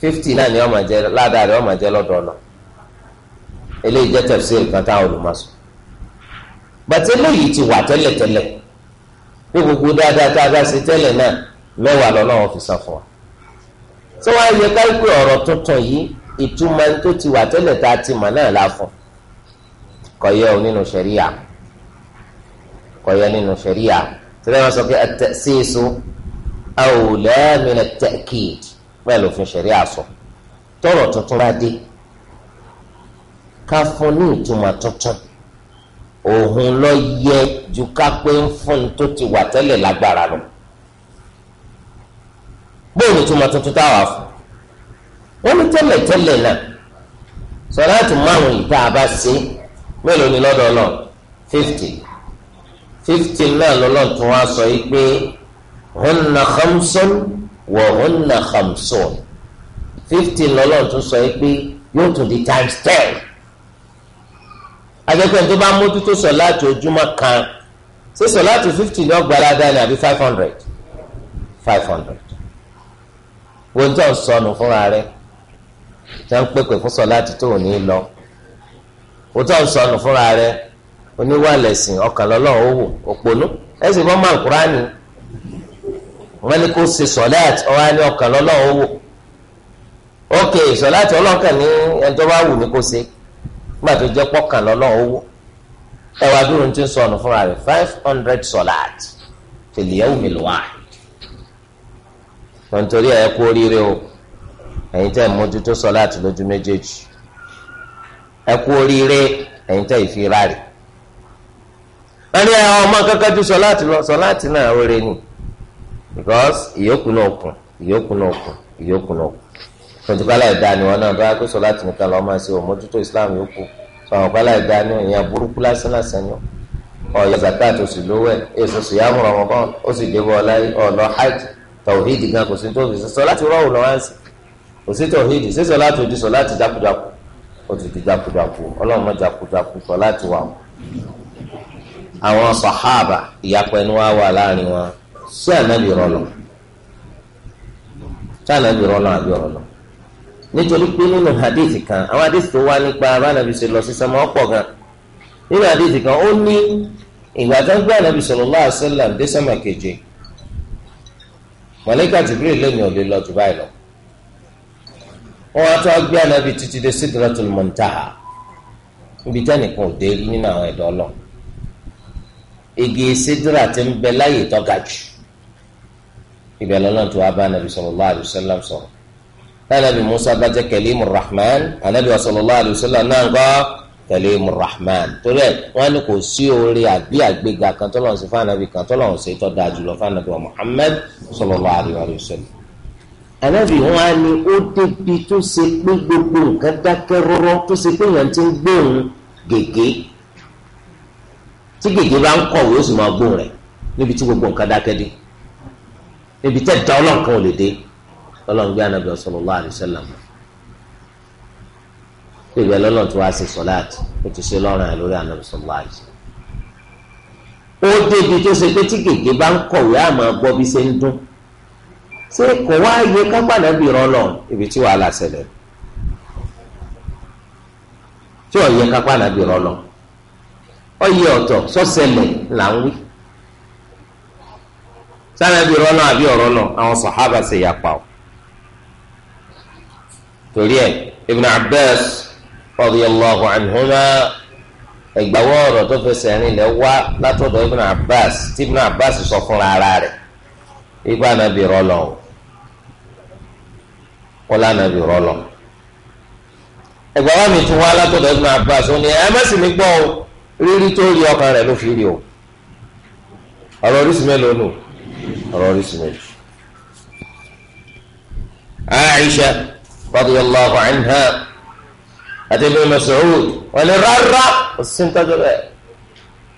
fifty náà ni wọ́n máa jẹ ládàá rẹ̀ wọ́n máa jẹ lọ́dọ̀ ọ̀nà eléyìí jẹ́ tafsir kan táwọn olùmọ̀sọ. bàtí eléyìí ti wà tẹ́lẹ̀tẹ́lẹ̀ bí gbogbo dáadáa tá a bá ṣe tẹ́lẹ̀ náà mẹ́wàá lọ́nà wọn fi san fún wa. tí wọ́n á yẹ ká pé ọ̀rọ̀ tuntun yìí ìtumọ̀ tó ti wà tẹ́lẹ̀ tá a ti mọ̀ náà la fún kọ̀yẹ́ o nínú ṣẹ̀ríyà kọ̀yẹ́ nínú ṣẹ̀ríyà tí wọ́n sọ pé at-ta'sisu àwòlẹ́ mìíràn tẹ́kìd bẹ́ẹ̀ lòfin ṣẹ̀rí àsọ tọrọ tuntun bá dé ká fún ní ìtumọ̀ tuntun òun lọ yẹ ju ká pé ń fún tó ti wà tẹ́lẹ̀ lágbára lọ bóyá ìtumọ̀ tuntun táwa fún wọn ní tẹ́lẹ̀ tẹ́lẹ̀ náà sọláàtì márùn ìta àbá sí mélòó ni lọ́dọ̀ náà fifty fifty náà lọ́lọ́tún wá sọ yìí pé hunna khamsun wa hunna khamsun fifty lọ́lọ́run tún sọ yìí pé yóò tún di times ten akẹ́kọ̀ọ́ tó bá mójútó sọ láti ojúmọ́ kan ṣé sọ láti fifty ní ọgbàládá ni àbí five hundred five hundred wọ́n tó ń sọnù fúnra rẹ̀ tó ń pèpè fún sọ láti tó ní lọ wọ́n tó ń sọnù fúnra rẹ̀ oníwàlẹ̀sìn ọkàn lọ́lọ́run ó wò òpònú ẹ̀sìn fọ́n máa wọ́n ní kó ṣe sọ̀láàtì ọ̀wá ní ọkàn lọ́lọ́wọ́ wò ok sọ̀láàtì ọlọ́kàn ní ẹni tó bá wù ní kó ṣe nígbà tó jẹ́ pọ́kàn lọ́lọ́wọ́ wò ẹ dúró ní ti ń sọnù fúnra rẹ̀ five hundred sọ̀láàtì fil yawmil wahid nítorí ẹ̀ kú oríire o ẹ̀yin tẹ́ mójútó sọ̀láàtì lójú méjèèjì ẹ kú oríire ẹ̀yin tẹ́ ìfi rárẹ̀ ní ọmọ kankan ju sọ̀láàtì lọ sọ̀láàtì náà rere ni because ìyókù náà kù ìyókù náà kù ìyókù náà kù tòjúpálá ìdá ni wọn náà bá pèsè láti nìkan lọ́ọ́ máa ṣe òmójútó Islam yòókù fàwọn pálá ìdá ni ìyẹn burúkú lásán lásán ni ọ̀yọ́ zakat oṣù lówẹ̀ èso sì yàmù Ramadan ó sì débọ̀ ọláyé ọ̀lọ́ hajj tawhid gan kò sí tó fi sọ láti rọ́ọ̀hùn lọ́wọ́ ẹ̀sìn kò sí tawhid sísọ láti òdìsọ láti jákujáku ó ti di jákujáku ọlọ́run mọ́ jákujáku sọ láti wà wọn. àwọn sàhábà ìyapẹ̀nu wa wà láàrin wọn sí ànábì rọlọ sí ànábì rọlọ àbí rọlọ nítorí pé nínú hadith kan àwọn hadith tó wá nípa abánabi ṣe lọ sí sọmọ ọ̀pọ̀ gan nínú hadith kan ó ní ìgbà tó ń gbé ànábì sallallahu alaihi wasallam dé sọmọ keje mọlẹka tìbírì lẹni ò lè lọ jù báyìí lọ wọn wá tó gbé ànábì títí dé sidratul muntaha níbi tẹnìkan ò dé nínú àwọn ẹ̀dọ́ lọ igi sidra ti ń bẹ láyè tó ga jù ibẹ̀ lọ́lọ́run tó wá bá anabi sallallahu alayhi wa sallam sọ̀rọ̀ anabi musa bá jẹ́ kẹlímù rahman anabi sallallahu alayhi wa sallam náà ń gbọ́ kẹlímù rahman torí ẹ̀ wọ́n ní kò sí oore àbí àgbéga kan tọ́lọ̀ sí fún anabi kan tọ́lọ̀ sí tó dáa jùlọ fún anabi wa muhammad sallallahu anabi wọn á ní ó débi tó ṣe pé gbogbo nǹkan dákẹ́ rọ́rọ́ tó ṣe pé èèyàn ti ń gbóhùn gègé tí gègé bá ń kọ̀wé ó níbi tẹ́ da ọlọ́nkan ò lè dé ọlọ́run gbé anabi sallallahu alaihi wasallam pé ìgbà lọ́lọ́run tó wá sí sọláàtì ó ti ṣe lọ́rùn ẹ̀ lórí anabi ó débi tó ṣe pé tí gègé bá ń kọ̀wé àmọ́ gbọ́ bí ṣe ibi tí wàhálà tí ò yẹ bí ọ yẹ ọtọ là ń wí. sanabi rọnà àbí ọ̀rọ̀ nà àwọn sàhábà ṣe ya o torí ẹ Ibn Abbas radiyallahu anhuma ẹgbàwọ ọ̀rọ̀ tó fẹsẹ̀ rìn lẹ wá látọ̀dọ̀ Ibn Abbas tí Ibn Abbas sọ fúnra ara rẹ̀ rọlọ rọlọ mi tún wá látọ̀dọ̀ Ibn Abbas ó ní mi gbọ́ rírí tó rí ọkàn rẹ̀ ló fi rí o ọ̀rọ̀ oríṣi méjì. Aisha radiyallahu anha àti Ibn Mas'ud wọ́n ní rárá kò sí ní tọ́jú bẹ́ẹ̀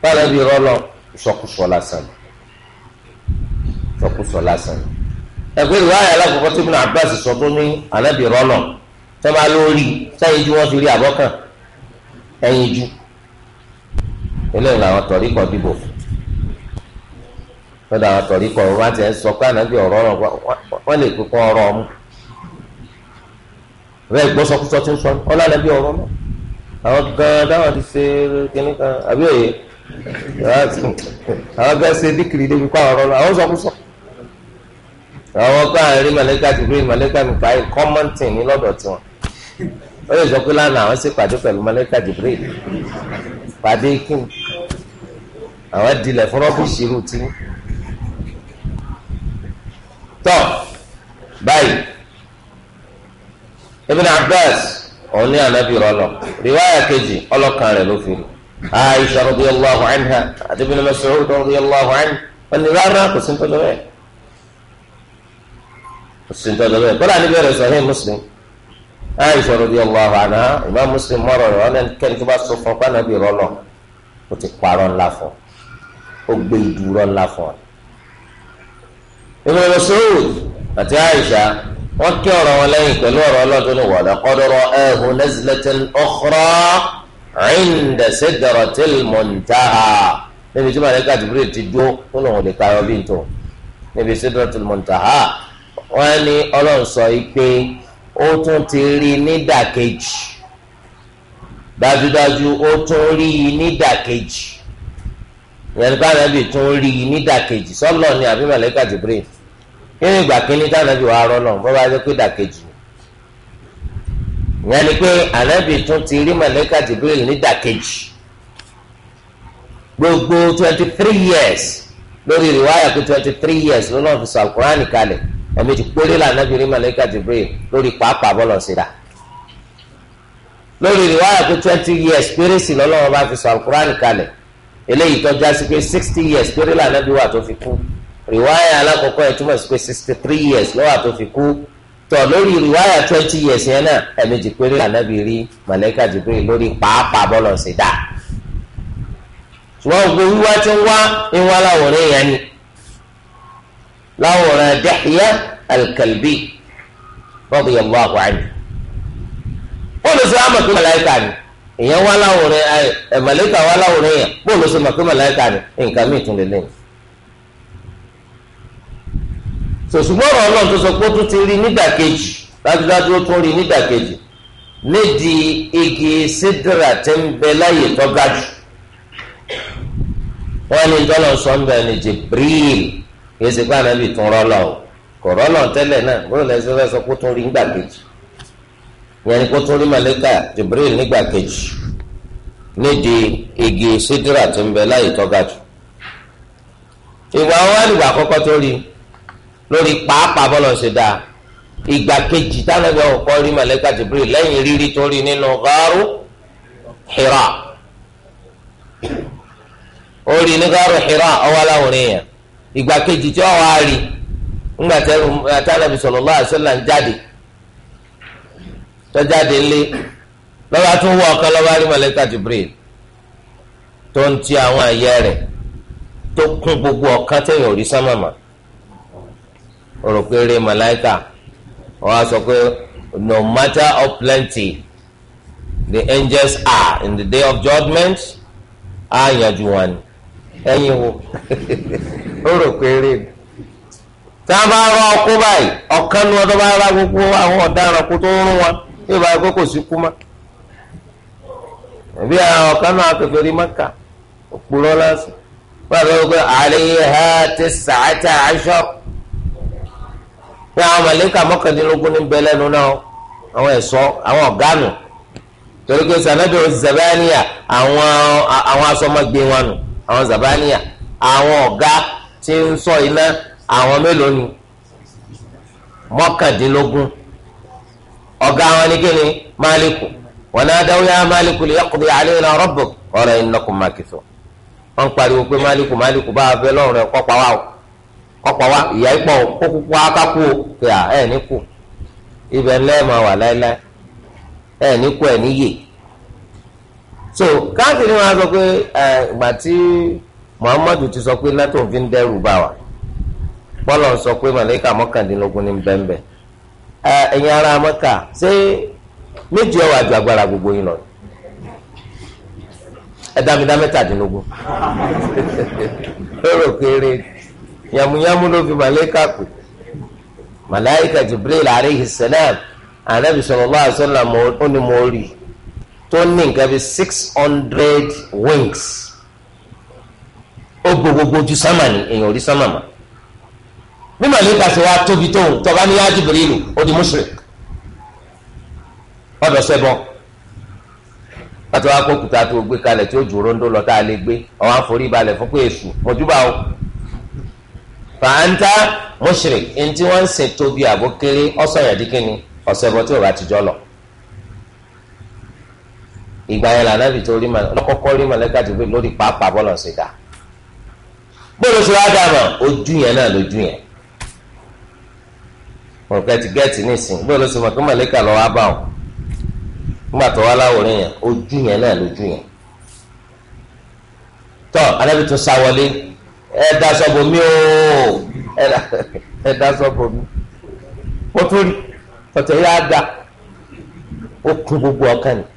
báyọ̀ bí rọ́lọ́ ìṣọkùsọ lásán ìṣọkùsọ lásán ẹgbẹ́ ìwé ayé alákọ̀ọ́kọ́ tí Ibn Abbas sọ tó ní ànábì rọ́lọ́ tẹ́ máa lórí sẹ́yìn ju wọ́n fi rí àbọ́kàn ẹ̀yìn ju eléyìí làwọn tọ̀rí kan dìbò fún lọ́dọ̀ àwọn tọ̀rí kọ̀ wọ́n bá ti ń sọ pé ànábì ọ̀rọ̀ ọ̀rọ̀ wọ́n lè pín kún ọ̀rọ̀ ọ̀mú bẹ́ẹ̀ gbọ́ sọkúsọ tí ń sọ ọ̀là ànábì ọ̀rọ̀ mọ́ àwọn gan dáwọn ti ṣe kínní kan àbí òye àwọn gan ṣe díkìrì débi kọ́ ọ̀rọ̀ lọ àwọn sọkúsọ àwọn kan àárín mọ̀lẹ́kà ti rí mọ̀lẹ́kà mi káyé kọ́mọ́ntì ní lọ́dọ̀ tiwọn ó àwọn sì pàdé fún rọ́bìṣì rú ní tọ́ báyìí Ibn Abbas òun ní anabi rọlọ riwaya kejì ọlọ́kan rẹ̀ ló fi rí Aisha radiyallahu anha àti Ibn Mas'ud radiyallahu anhu wọn ni rárá kò sí nítorí bẹ́ẹ̀ kò sí nítorí bẹ́ẹ̀ kọ́lá níbi ẹ̀rọ sọ̀rọ̀ Muslim Aisha radiyallahu anha Imam Muslim mọ̀rọ̀ rẹ̀ wọn kẹ́ni tó bá sọ fún ọ pé anabi rọlọ kò ti parọ́ ńlá fún ọ ó gbé ìdúró ńlá fún ọ Ibn Mas'ud àti Aisha wọ́n kí ọ̀rọ̀ wọn lẹ́yìn pẹ̀lú ọ̀rọ̀ ọlọ́dún ní wàlẹ̀ kọ́dọ̀rọ̀ ẹ̀hù nazlatan ukhra inda sidratil muntaha níbi tí màlẹ́kà Jibril ti dúró tó lòun lè tayọ bí n tó níbi sidratil muntaha wọ́n ní ọlọ́run sọ yìí pé ó tún ti rí nídàkejì dájúdájú ó tún rí nídàkejì. ìyẹn bá tún rí i nídàkejì sọlọ ni àbí màlẹ́kà Jibril nínú ìgbà kínní tànàbì wàá rọlọ bó bá yẹ pé dàkejì ìyẹn ni pé tún ti rí màlẹ́kà Jibril nídàkejì gbogbo twenty years lórí ìrìwáyà pé twenty three years ló náà fi sọ kalẹ̀ ẹ̀mí ti péré lànàbì rí màlẹ́kà Jibril lórí pàápàá bọ́lọ̀ síra lórí ìrìwáyà pé twenty years péré sí lọ́lọ́wọ́ bá fi kalẹ̀ eléyìí tọ́já sí pé sixty years péré lànàbí wà tó fi kú rìwáyà alákọ̀ọ́kọ́ ẹ̀ túmọ̀ sí pé sixty three years lọ́wọ́ tó fi kú tọ̀ lórí rìwáyà twenty years yẹn náà ẹ̀mejì péré lànàbí rí màláíkà Jibril lórí pàápàá bọ́lọ̀ sí dáa ṣùgbọ́n gbogbo wíwá tí ń wá ń wá láwòrán yẹn ni láwòrán Dihya al-Kalbi radiyallahu anhu olùsọ àmọ̀ pé màláíkà ni ìyẹn wá láwòrán ẹ màlẹ́kà wá láwòrán yẹn bóòlù ṣe mọ̀ pé ni nǹkan mìíràn tún lè lẹ́yìn. sòṣùgbọ́n ọlọ́run tó sọ pé ó tún ti rí nídàkejì dájúdájú ó tún rí nídàkejì nídìí igi sídìrà tí ń bẹ láyè tó ga jù wọ́n ní tọ́lọ̀ sọ́ńdà ní Jibril yéé ṣe pé ànábì tún rọ́lọ́ o kò rọ́lọ́ tẹ́lẹ̀ náà bóòlù ẹ̀ ìyẹn ni kó tún rí màlẹ́kà Jibril nígbà kejì nídìí igi sídìrà tó ń bẹ láyé tọ́ga jù ìwà wa nìgbà àkọ́kọ́ tó rí lórí pàápàá bọ́lọ̀ ṣe dáa ìgbà kejì tánàbí ọkọ rí màlẹ́kà Jibril lẹ́yìn rírí tó rí nínú Hira ó rí ní Hira sallallahu alaihi jáde. tọ́jáde lé lọ́ba tún wọ ọ̀kan lọ́ba rí mọ̀lẹ́kà Jibril tó ń ti àwọn àyẹ́ rẹ̀ tó kún gbogbo ọ̀kan tẹ̀yìn òrí sámàmà òròpéré mọ̀lẹ́kà wọ́n á sọ pé no matter of plenty the angels are in the day of judgment á yànjú wọn ni ẹ̀yin wo òròpéré tá a bá rọ ọkú báyìí ọ̀kan ni wọ́n tó bá rà gbogbo àwọn ọ̀daràn kó tó ń rún wọn. yóò bá si kò sí kú mọ́ àwọn kan náà kẹfẹ́ rí mọ́kà òpùrọ́ lásán ti sàátà aṣọ pé àwọn màlẹ́kà mọ́kàndínlógún ní bẹ́lẹ́ nu náà àwọn ẹ̀ṣọ́ àwọn ọ̀gá torí pé sanadio zabaniya àwọn àwọn asọmọgbé wọn nù àwọn zabaniya àwọn ọ̀gá tí ń sọ iná àwọn mélòó ni ọ̀gá wọn ni kíni máàlíkù wọn náà dáwọ́ ya máàlíkù lè yọkùnrin àlẹ́ náà rọ́bù ọ̀rọ̀ yìí nọkùn màkìtọ̀ wọn pariwo pé máàlíkù máàlíkù bá abẹ́ lọ́rùn rẹ̀ kọ́pa wa kọ́pa wa ìyá ipò kó kúkú pé à ẹ̀ ní ibẹ̀ ńlẹ́ wà ẹ̀ ní ẹ̀ níyè so káàkiri wọn sọ pé ẹ ìgbà Muhammadu ti sọ pé fi ń bá wa bọ́lọ̀ sọ pé màlẹ́kà ẹ̀yin ara mọ́kà ṣé méjì ọ̀wà ju agbára gbogbo yín lọ ẹ̀dámidá mẹ́tàdínlógún lóró kéré yàmùyàmù ló fi màlẹ́kà pè màláìkà Jibril aleyhi salam anabi sallallahu alaihi wasallam ó tó ní nǹkan bíi six hundred wings ó gbogbogbò ju sámà èèyàn sámà bí màlẹ́kà sì wá tóbi tóun tọba ní yájú bìrìlù ó di mushrik ọ̀dọ̀ sẹ́bọ̀ pàtó wa kó kùtà tó gbé kalẹ̀ tí ó jù rondo lọ tá a lè gbé ọ̀hún àforí balẹ̀ fún pé èṣù mọ̀júbà o fàáńtà mushrik ẹni tí wọ́n ń sè tóbi àbó kéré ọ̀sọ̀yàn díkìnì ọ̀sẹ̀bọ tí ò bá ti jọ lọ. ìgbà yẹn lànà bìí tó rí lọ́kọ́kọ́ rí màlẹ́kà tó lórí pàápàá bọ́lọ̀ sí ta gbọ́dọ̀ sọ wá dáa mọ̀ ojú yẹn náà lójú yẹn mọ̀lùkẹ́ ti gẹ́ẹ̀tì nísìn bó ló ṣe mọ̀ kí mọ̀lẹ́kà lọ wá bá wọn nígbà tó wá láwòrán yẹn ojú yẹn náà lójú yẹn tọ́ anábì tún sá wọlé ẹ dá sọ́bù mi ooo ẹ dá sọ́bù mi ó tún rí ọ̀tẹ̀ yá dá ó kún gbogbo ọkàn yìí.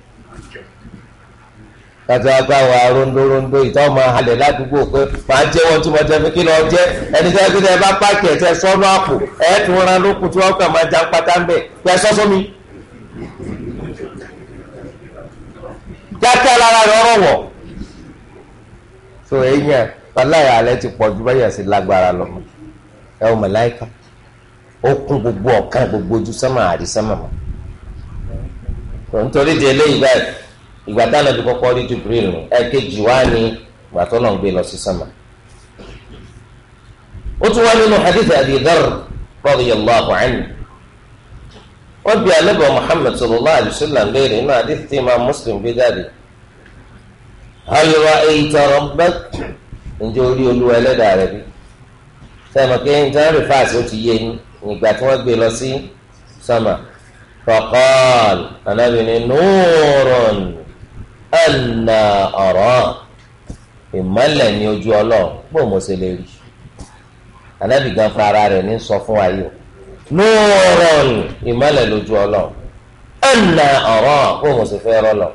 kátó agbáwo aróńdóróńdó ìtọ́ ọmọ halẹ̀ ládùúgbò pé màá jẹ́ wọn tí mo jẹ́ fi kí lọ jẹ́ ẹni tí wọ́n fi tẹ́ bá pààkì ẹ̀ sọ́nù àpò ẹ̀ tún ran lókun tí wọ́n kàn máa ń pátá ń bẹ̀ sọ́sọ́ mi. kíákíá lára rẹ̀ ọ̀rọ̀ wọ̀. aláya alẹ́ ti pọ̀ ju gbogbo ọ̀kan gbogbo ojú mọ́ ìgbà táwọn ẹbí kọ́kọ́ rí Jibril nù ẹ̀kejì wá ní ìgbà tó náà gbé lọ sí sánmà. ó tún wá nínú hadith Abi Dharr radiyallahu anhu wọ́n bí alẹ́bọ̀ Muhammad sallallahu alayhi wa sallam léèrè nínú hadith tí Imam Muslim gbé jáde. hal ra'ayta rabbak ǹjẹ́ orí olúwa ẹlẹ́dàá rẹ̀ bí? sẹ́mi kí n tán rìfáàsì ó ti yé ní ìgbà tí wọ́n gbé lọ sí sánmà. faqal anábìnrin nùúrùn ẹnà ọ̀rọ̀ ìmọ̀lẹ̀ ní ojú ọlọ́run bó mo ṣe lè rí ànábì gan fún ara rẹ̀ ní sọ fún wa yìí o nùrọ̀n ìmọ̀lẹ̀ lójú ọlọ́run ẹnà ọ̀rọ̀ bó mo ṣe fẹ́ rọ́lọ̀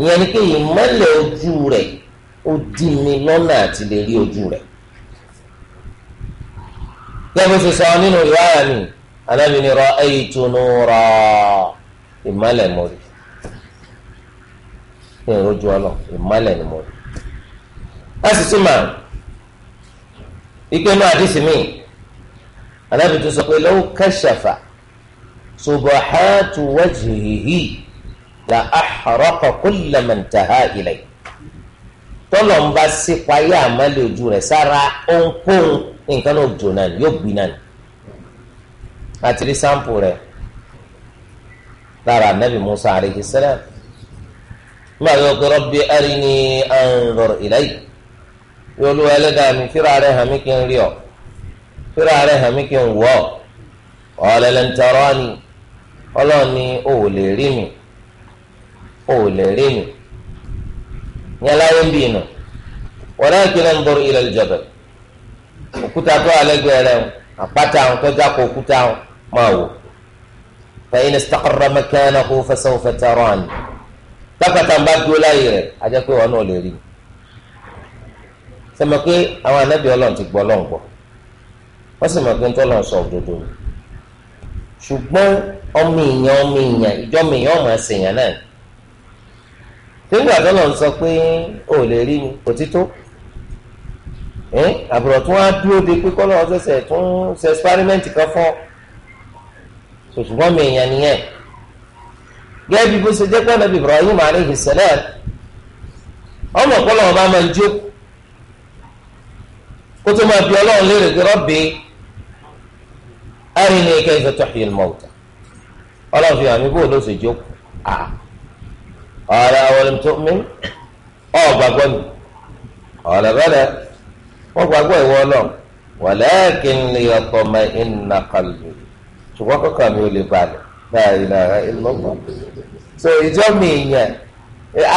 ìyẹn ni pé ìmọ̀lẹ̀ ojú rẹ̀ ó dí mi lọ́nà àti lè rí ojú rẹ̀ lẹ́bi ti sọ nínú ìwáyà mi ànábì ni rọ ẹ̀yìn tó nù rọ̀ ìmọ̀lẹ̀ mọ́rí ní ìrojú ọlọ ìmọ́lẹ̀ ni mo rí. a sì tún máa ike náà àdìsí mi anábì tó sọ pé law kashafa subahatu wajhihi la ahraqa kulla man taha ilay tọ́lọ̀ ń bá sí payé àmàlẹ́ ojú rẹ̀ sára ohunkóhun nǹkan náà jò náà yóò gbin náà àti rí sáǹpù rẹ̀ lára anábì Musa alayhi nígbà tó kọ́ rabbi arini anzur ilay yóò lu ẹlẹ́dàá mi fíra rẹ̀ hàn mí kí n rí ọ fíra rẹ̀ hàn mí kí n wọ̀ ọ́ lan tarani ọlọ́ọ̀ni ò lè rí mi ò lè rí mi ní ń bì nù walakin anzur ila al-jabal òkúta tó alẹ́gbẹ̀ẹ́ rẹ̀ àpáta àwọn tó jákò òkúta máa wò fa in istaqarra makanahu fa sawfa tarani tápàtà ń bá dúró láàyè rẹ̀ a jẹ́ pé wọn náà lè rí i sọmọ pé àwọn anábì ọlọ́run ti gbọ́ ọlọ́run gbọ́ wọ́n sì mọ̀ pé nítorí ọlọ́run sọ òdodo ni ṣùgbọ́n ọmọ èèyàn ọmọ èèyàn ìjọ ọmọ èèyàn ọmọ ẹsẹ̀yàn náà nígbà tó lọ́n sọ pé ò lè rí mi òtítọ́ àbúrò tó wá dúró de pé kọ́lọ́ ọ̀sẹ̀sẹ̀ tó ń ṣe experiment kan fún ọ ṣùgbọ́n ọmọ èèyàn nìyẹn gẹ́gẹ́ bí bó ṣe jẹ́ pé nàbí Ibrahim aleyhi salam ọmọ ọpọlọ ọba máa ń jó kó tó máa bí ọlọ́run léèrè pé Rabbi arini kayfa tuhyil mawta ọlọ́run fi hàn mí bóòlù ṣe jó à ọ̀rẹ́ awalam tu'min ọ̀gbàgbọ́ mi ọ̀rẹ́ bẹ́rẹ̀ wọ́n gbàgbọ́ ìwọ ọlọ́run walakin liyatma'inna qalbi ṣùgbọ́n kọ́kọ́ mi ò lè balẹ̀ la ilaha illallah so ìjọ mi èèyàn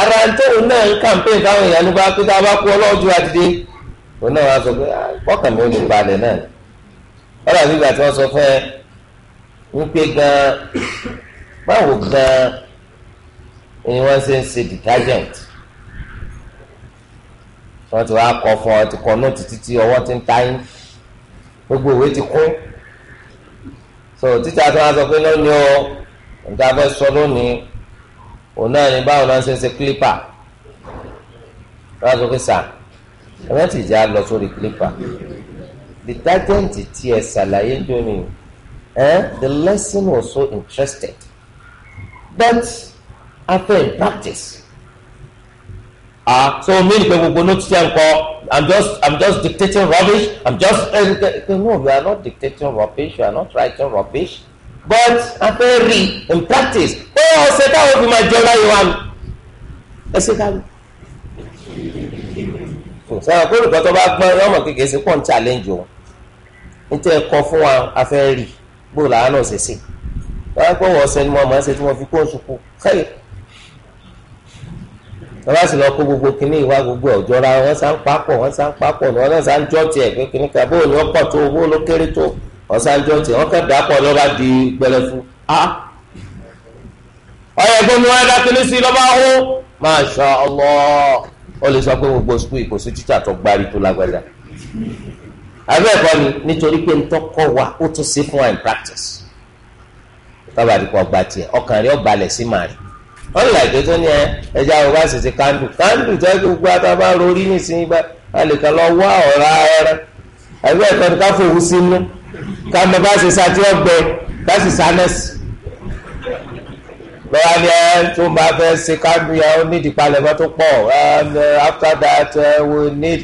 ara tóun náà ń campaign táwọn èèyàn nípa pé tá a bá kú ọlọ́jọ́ àdìdé òun náà wá sọ pé ah, ọkàn mi ò lè balẹ̀ náà ọ̀rọ̀ àbí ìgbà tí sọ fún ẹ ń pé gan báwo gan ni wọ́n ṣe ń ṣe detergent wọ́n ti wá kọ fún ọ ti kọ nóòtù títí ọwọ́ ti ń ta yín gbogbo ìwé ti kún so títí àti wọn sọ pé lónìí o nǹkan abẹ́ sọ lónìí òun ni ní báwọn náà ṣe ń ṣe clipper lọ́wọ́ sókè sà ẹ̀rọ ti já lọ sórí clipper detergent tí ẹ ṣàlàyé ń eh the lesson was so interested but after in practice ah so mi ni pé gbogbo notes ti ẹ ń i'm just i'm just dictating rubbish i'm just. Uh, no you are not dictating rubbish you are not writing rubbish but a fẹ́ in practice ó ọ̀sẹ̀ táwọn fi máa jọra yìí wá mi ẹsẹ̀ ká mi. sọ̀rọ̀ pé olùkọ́ tó bá gbọ́n yọmọ kékeré sí pọ̀ ń challenge o nítorí ẹ̀kọ́ fún wa a fẹ́ rí bó làánà ṣèṣe wọ́n á gbọ́ wọ́n ọ̀sẹ̀ ni wọ́n máa ń ṣe tí wọ́n fi kó oṣù kú kẹ́yìn bàbá sì lọ kó gbogbo kínní ìwà gbogbo ọjọ́ ra wọn sá ń papọ̀ wọn sá ń papọ̀ wọn náà sá ń jọ́ tiẹ̀ pé kínní kan bóun ni wọ́n ọ̀sánjọ́ tẹ̀ wọ́n kẹ́ta pọ̀ lọ́ba di gbẹlẹ́fu a. ọyọ ẹgbẹ́ mi wọ́n dá kíní sí lọ́ba hó Masha Allah ó lè sọ pé gbogbo skul kò sí títà tó gbárí tó lágbájá. abẹ́ ẹ̀kọ́ ni nítorí pé ń tọ́kọ̀ wa ó tún sí fún and practice. tábà dìpọ̀ ọgbà tiẹ̀ ọkàn rẹ̀ ọ̀balẹ̀ sí màrí. wọ́n lè àjọ tó ní ẹ ẹja àwọn bá sì ti kándù kándù tó ẹ gbogbo àtàbà rorí nísìnyí bá a lè kàn lọ wá ọ̀rá ẹran àbẹ́ ẹ̀kọ́ ni ká fòwú sínú ká mọ bá ṣe sa tí ó gbẹ bá sì sa nẹ́sì lọ́wọ́ ni ẹ tó bá fẹ́ ṣe kándù yẹn ó nídìí palẹ̀mọ́ tó pọ̀ uh, after that uh, we need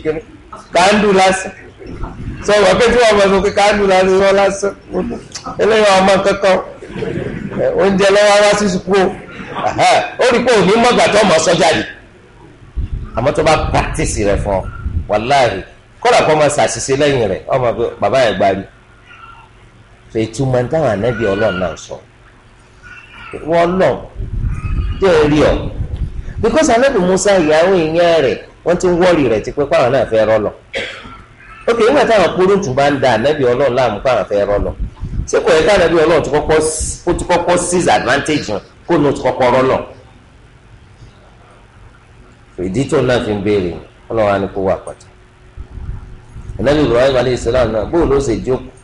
kándù lásán sọ wọ́n pé tí wọ́n mọ̀ sókè kándù lásán eléyìí ọmọ kankan oúnjẹ lọ́wọ́ wá sí sukú ó rí pé òní mọ̀gbà tó mọ̀ sọ́jà yìí àmọ́ tó bá practice rẹ̀ fún ọ wàláhì kọ́dà kó máa ṣàṣìṣe lẹ́yìn rẹ̀ ọmọ bàbá yẹn gbárí fètúmọ̀ táwọn ànábì ọlọ́run náà sọ wọ́n lọ tó rí ọ because ànábì Musa ìyàwó ìyẹn rẹ̀ wọ́n ti ń wọ́ọ̀rì rẹ̀ ti pé káwọn náà fẹ́ rọ́ ok nígbà táwọn kúrúntù bá ń da ànábì ọlọ́run láàmú káwọn fẹ́ rọ́ lọ ṣé kò yẹ ká ànábì ọlọ́run ti kọ́kọ́ ó ti kọ́kọ́ seize advantage wọn kó nu ti kọ́kọ́ rọ́ lọ ìdí tó náà fi ń béèrè ọlọ́run á ní kó wà pàtó ànábì Ibrahim alayhi salam náà bóòlù ó sì jókòó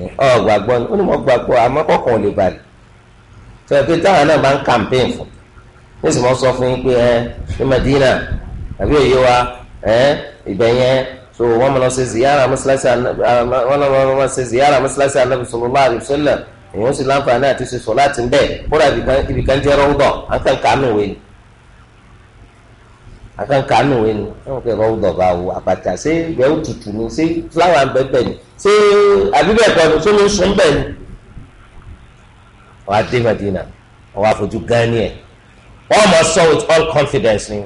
ọ gbàgbọ́ ni ó ní mo gbàgbọ́ àmọ́ kọ̀ọ̀kan ò lè balẹ̀ tó yẹ pé táwọn náà bá ń campaign fún ní sì mo sọ fún yín pé ẹ ní Madina àbí òye wa ẹ ibẹ̀ yẹn so wọ́n máa lọ ṣe ziyara mọ́sálásí wọ́n máa lọ ṣe ziyara mọ́sálásí anabi sallallahu alaihi wasallam èèyàn sì láǹfààní àti ṣe sọ láti ń bẹ̀ kódà ibìkan jẹ́ rọ́ńdọ̀ à ń kàn kánú wẹ̀ ni akankanu wo ni wọn kẹ ọwọ dọba wo apata ṣé bẹ ó tutù ni ṣé fúláwà bẹbẹ ni ṣé àbíbẹ kọ ni ṣé ló sùn bẹ ni. ọwọ adé Madina ọwọ àfojú gani ẹ wọn mọ sọ with all confidence ni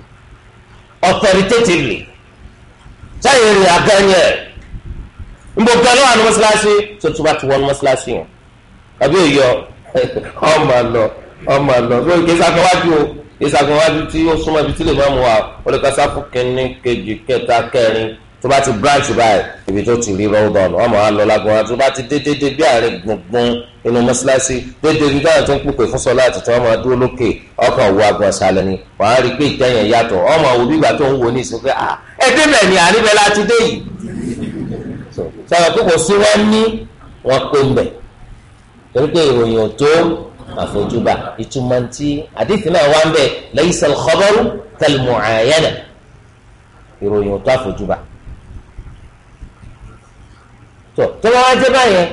authoritatively sẹyìn rìn agani ẹ nbọgbẹ ló wà ní mọ́ṣáláṣí tó tó bá ti wọ ní mọ́ṣáláṣí yẹn àbí òye ọ ọmọ àlọ ọmọ àlọ lórí kí n sáfẹ wájú o ìṣàgùn wájú tí ó súnmọ́ ibi tí lè máa mú wa ó lè ka sáfù kínní kejì kẹta kẹrin tó bá ti branch báyìí ibi tó ti rí rọ́ọ̀dọ̀n wọn máa lọ lágùn wájú tó bá ti dé dédé bí àárín gbùngbùn inú mọ́ṣáláṣí dédé ibi táwọn tó ń pèpè fún sọlá àti tí wọ́n máa dúró lókè ọkàn wo agbọ̀n ṣàlẹ̀ ni wọ́n á rí i pé ìtẹ̀yìn yàtọ̀ ọmọ òwú bí ìgbà tó ń wo ní ìsìn pé ah, ẹ àfojúbà ìtumọ̀ tí àdìsí náà wá ń bẹ̀ laysa al-khabaru kal-mu'ayana ìròyìn tó àfojúbà. tó tó bá wá jẹ́ báyẹn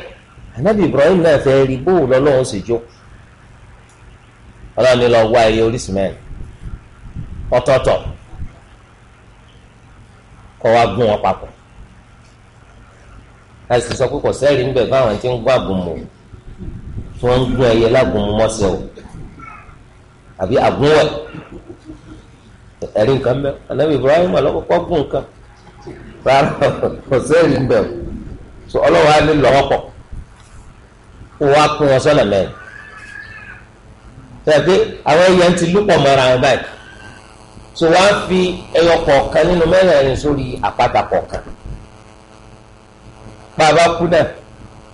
anabi Ibrahim náà fẹ́ rí bóun lọ́lọ́run sì jó ọlọ́run ni lọ wá ẹyẹ orísun mẹ́rin ọ̀tọ̀ọ̀tọ̀ kọ́ wa gún wọn papọ̀ láti sọ pé kò sẹ́rìí ń bẹ̀ fáwọn tí ń gbọ́ àgùnmọ̀ tí wọ́n ń gún ẹyẹ lágùn mọ́sẹ̀ o àbí àgúnwẹ̀ ẹ̀rí nǹkan bẹ́ẹ̀ anabi ibrahim alọ́kọ́kọ́ gún nǹkan rárá kò sẹ́ẹ̀rì ń bẹ̀ o so ọlọ́wọ́ á lè lọ́wọ́ pọ̀ kó wá pín wọn sọ́nà mẹ́rin tẹ̀pẹ́ àwọn ẹyẹ ń ti lúpọ̀ mọ́ra wọn báyìí so wọ́n á fi ẹyọ kọ̀ọ̀kan nínú mẹ́rẹ̀ẹ̀rin sórí àpáta kọ̀ọ̀kan bá a bá kú náà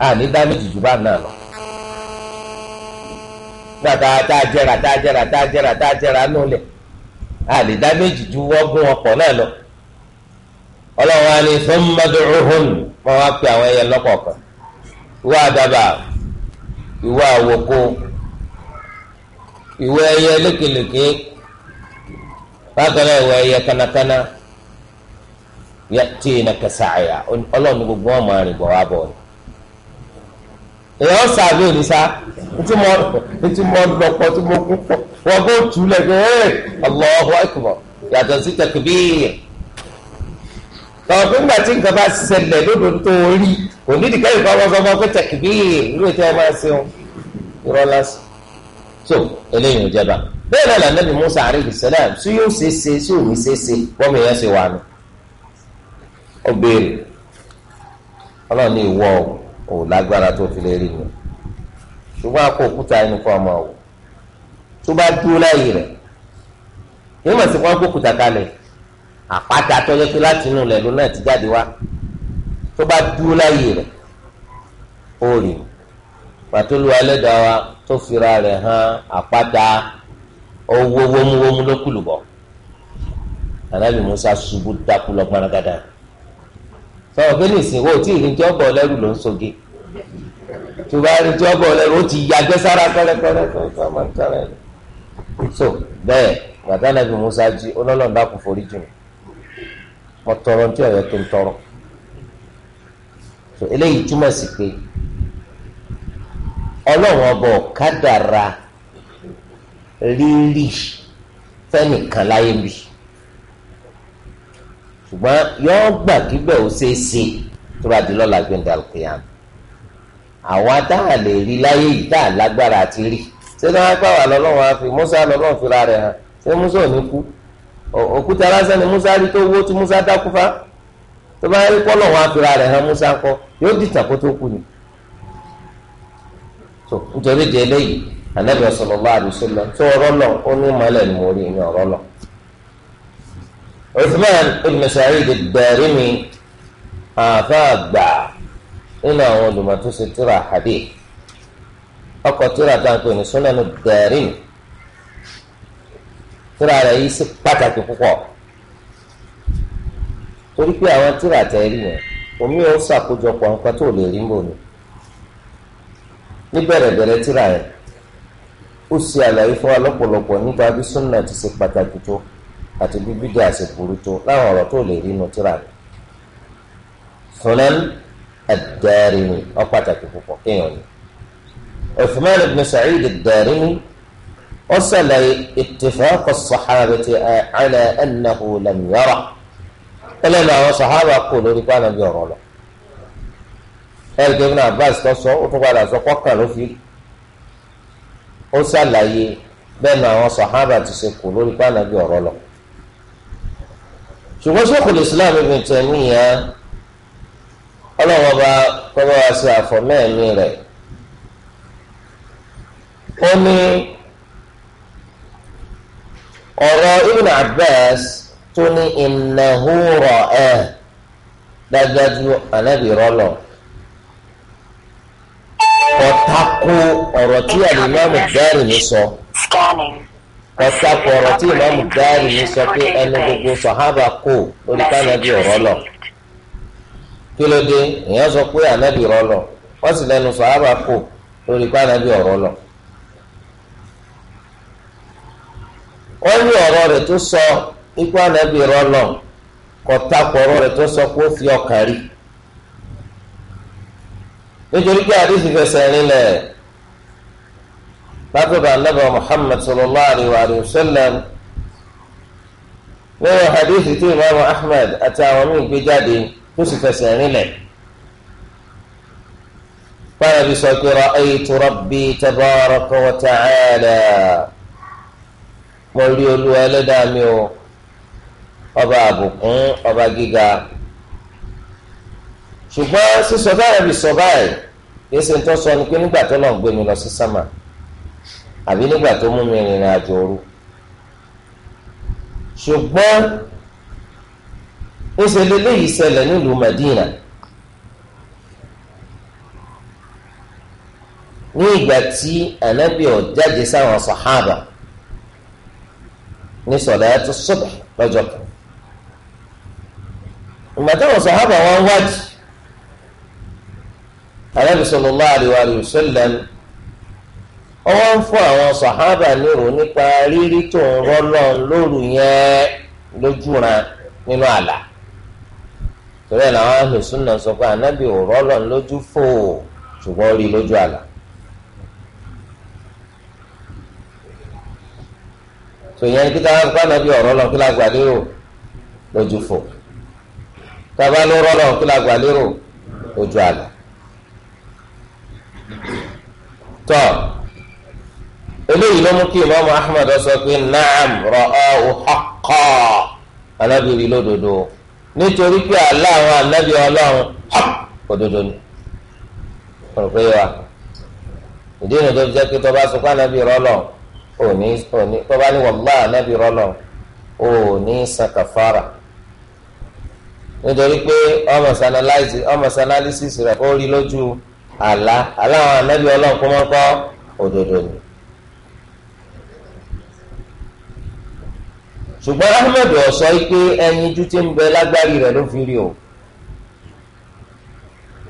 àní dá jù bá náà lọ. gbàtà tá a jẹrà tá a jẹrà tá a jẹrà a lè dá méjì ju wọgùn ọkọ náà lọ ọlọ́run á ní sọmọdúnrún mọ wá pé àwọn ẹyẹ lọ́kọ̀ọ̀kan ìwọ àdàbà ìwọ ẹyẹ lékelèké bákan náà ẹyẹ kánákáná yẹ tí ọlọ́run gbogbo èèyàn sá àbí òníṣá ntí mo ntí mo lọpọ tí mo kú pọ wọn bó tù lẹ pé ẹ Allahu Akbar yàtọ̀ sí takbir tọ̀gbìn gbà tí nǹkan bá ṣẹlẹ̀ lódò tó rí onídìí kẹ́yìn kan pé takbir irú ètò ẹ ṣe wọn irọ́ lásán so eléyìí ò jẹba bẹ́ẹ̀ náà lànà bí Musa alayhi salam sí yóò ṣe ṣe sí òní ṣe ṣe wọ́n mi yẹn ṣe wà nù ọ O lágbára tó fi lè rí mi ṣùgbọ́n akọ òkúta ẹni kọ́ ọmọ wò tó bá dúró láyè rẹ̀ kí wọ́n sì wọ́n gbókùtà kalẹ̀ àpáta tó yẹ pé láti inú lẹ̀ ló náà ti jáde wá tó bá dúró láyè rẹ̀ ó rí pàtó lu ẹlẹ́dàá tó fira rẹ̀ hàn àpáta owó wómúwómú ló kùlù bọ̀ Ànábì Musa ṣubú dákú lọ gbọ́nagádá sọ̀rọ̀ pé lè sìnwó tí ìrìn tí ọ̀bọ̀ lẹ́rù ló ń soge tó bá rí tí ọ̀bọ̀ lẹ́rù ó ti yàgbẹ́ sára kẹ́lẹ́kẹ́lẹ́ kẹ́lẹ́kẹ́lẹ́ so bẹ́ẹ̀ bàtà nàbì Musa jí ọlọ́lọ́run bá kú forí jù mí mo tọrọ tí ọ̀yọ́ tó ń tọrọ so eléyìí túmọ̀ sí pé ọlọ́run ọbọ̀ kádàrà rírì fẹ́nìkan láyé bíi ṣùgbọ́n yọ́ọ́ gbà kígbẹ̀ ó ṣeé ṣe tó bá di lọ́la gbẹ̀ndà kìyàm àwa tá a lè rí láyé yìí tá a lágbára àti rí ṣé tí wọ́n bá wà lọ́lọ́wọ́ àfi Musa lọ́lọ́wọ́ fira rẹ̀ hàn ṣé Musa ò ní kú òkúta lásán ni Musa rí tó wó tí Musa dákú fá tó bá rí pọ́lọ̀ wọn àfira rẹ̀ hàn Musa kọ yóò dìtà kó tó kú ni. nítorí di eléyìí Ànábì sallallahu alaihi Uthman ibn Sa'id ad-Darimi àfa àgbà nínú àwọn olùmọ̀tòsí tíra hadith ọkọ̀ tíra táǹkì ní Sunan ad-Darimi tíra rẹ̀ yìí sí pàtàkì púpọ̀ torí pé àwọn tíra tẹ̀rí yẹn omi ò ṣàkójọpọ̀ nǹkan tó lè rí mbò ni ní bẹ̀rẹ̀bẹ̀rẹ̀ tíra yẹn ó ṣe àlàyé fún wa lọ́pọ̀lọpọ̀ nípa bí súnà ti ṣe pàtàkì tó àti bí bídíà ṣe burú tó láwọn ọ̀rọ̀ tó lè rí inú tíra rẹ̀ Sunan ad-Darimi ó pàtàkì púpọ̀ kéèyàn ni Uthman ibn Sa'id ad-Darimi ó ṣàlàyé ittifaq as-sahabati ala annahu lam yara ẹlẹ́nu àwọn sàhábà kò lórí pàánà bí ọ̀rọ̀ lọ ẹ̀rìndínlẹ́gbẹ̀rún ibn Abbas tó sọ ó tún padà sọ kọ́kàn ló fi ó ṣàlàyé bẹ́ẹ̀ ni àwọn sàhábà ti ṣe kò lórí pàánà bí ọ̀rọ̀ lọ ṣùgbọ́n Sheikhul Islam Ibn Taymiyyah ọlọ́wọ́ bá kọ́bá wa ṣe àfọ̀mẹ́ẹ̀mí rẹ̀ ó ní ọ̀rọ̀ Ibn Abbas tó ní innahu ra'ah dájúdájú ànábì rọ́lọ̀ ọ̀tako ọ̀rọ̀ tí àlùmọ́ọ̀mù bẹ́ẹ̀rù ní sọ. kọsá fọ̀rọ̀ tí ìmáàmù dáàrí yìí sọ pé ẹnu gbogbo sọ̀hábà kò lórí ọ̀rọ̀ lọ kí ló dé èèyàn sọ pé ànábì ọ̀rọ̀ lọ wọ́n sì lẹ́nu sọ̀hábà kò lọ. wọ́n ní ọ̀rọ̀ rẹ̀ tó sọ ikú ànábì ọ̀rọ̀ lọ pọ̀rọ̀ rẹ̀ tó sọ pé ó fi ọkàn rí nítorí pé látọ̀dọ̀ anábà muhammad sallallahu alayhi wa sallam nínú hadithi tí imaamu ahmed àti àwọn míì gbé jáde tó sì fẹsẹ̀ rinlẹ̀ fáyọ̀bí sọ pé ra'aytu rabbi tabaraka wa ta'ala mo rí olúwa ẹlẹ́dàá mi o ọba àbùkún ọba gíga ṣùgbọ́n sísọ fáyọ̀bí sọ báyìí kí ẹsẹ̀ ń tọ́ sọ ni pé nígbà tó lọ́n gbé mi lọ sí sámà àbí nígbà tó mú mi rìnrìn àjò òru ṣùgbọ́n ìṣẹ̀lẹ̀ léyìí ṣẹlẹ̀ nílùú Madina ní ìgbà tí ànábì ó jáde sáwọn sàhábà ní sọ̀láàtù subh lọ́jọ́ kan ìgbà táwọn sàhábà wọn wájú ànábì sallallahu alaihi wa sallam ọwọ́ ń fún àwọn sàhábà lérò nípa rírí tó ń rọ́lọ́ lóru yẹn lójúran nínú àlà torí ẹ̀ làwọn àlùsùn náà sọ pé ànábì ò rọ́lọ́ lójú fò ṣùgbọ́n rí lójú àlà. tòyẹn ní kíkà kó ànábì ọ̀rọ̀ lọ kí lágbà lérò lójú fò tábà ló rọ́lọ́ kí lágbà lérò lójú àlà. tọ́ eléyìí ló mú kí imaamu ahmed sọ pé naam ra'ahu haqqan anábìrì lódodo nítorí pé àlá àwọn anábì ọlọ́run òdodo ni ọ̀rọ̀ pé wa ìdí ìnà tó fi jẹ́ pé tọ́ba sọ pé anábì rọ́lọ̀ òní òní tọ́ba ní wàllá anábì rọ́lọ̀ òní sàkàfàrà nítorí pé ọmọ sanaláìsì ọmọ sanalísìsì rẹ̀ kó rí lójú àlá àlá anábì ọlọ́run kó mọ́ òdodo ni. ṣùgbọ́n Ahmed ọ̀sọ́ pé ẹyin ju ti ń bẹ lágbárí rẹ̀ ló fi rí o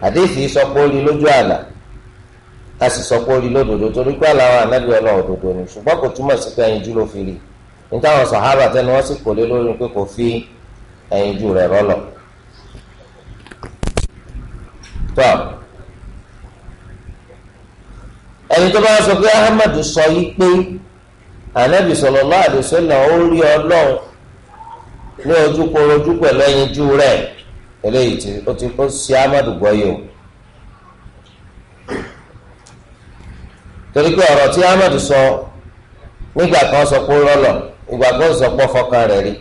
àdéhìí sọ pé ó rí lójú àlà a sì sọ pé ó rí lódodo torí pé àlàó Ahmed ọ̀nà òdodo ni ṣùgbọ́n kò túmọ̀ sí pé ẹyin ju ló fi rí ní táwọn sàhábà tẹnu wọn sì kò lé lórí pé kò fi ẹyin ju rẹ̀ rọ́lọ̀ tọ́ ẹni tó bá sọ pé Ahmed sọ yìí pé ànábì sallallahu alaihi wasallam ó rí ọlọ́run ní ojú korojú pẹ̀lú ẹyinjú rẹ̀ eléyìí tí ó ti kó sí amadu gbọ́yò torí pé ọ̀rọ̀ tí amadu sọ nígbà kan sọ pé ó rọlọ̀ ìgbà kan sọ pé ó fọkàn rẹ̀ rí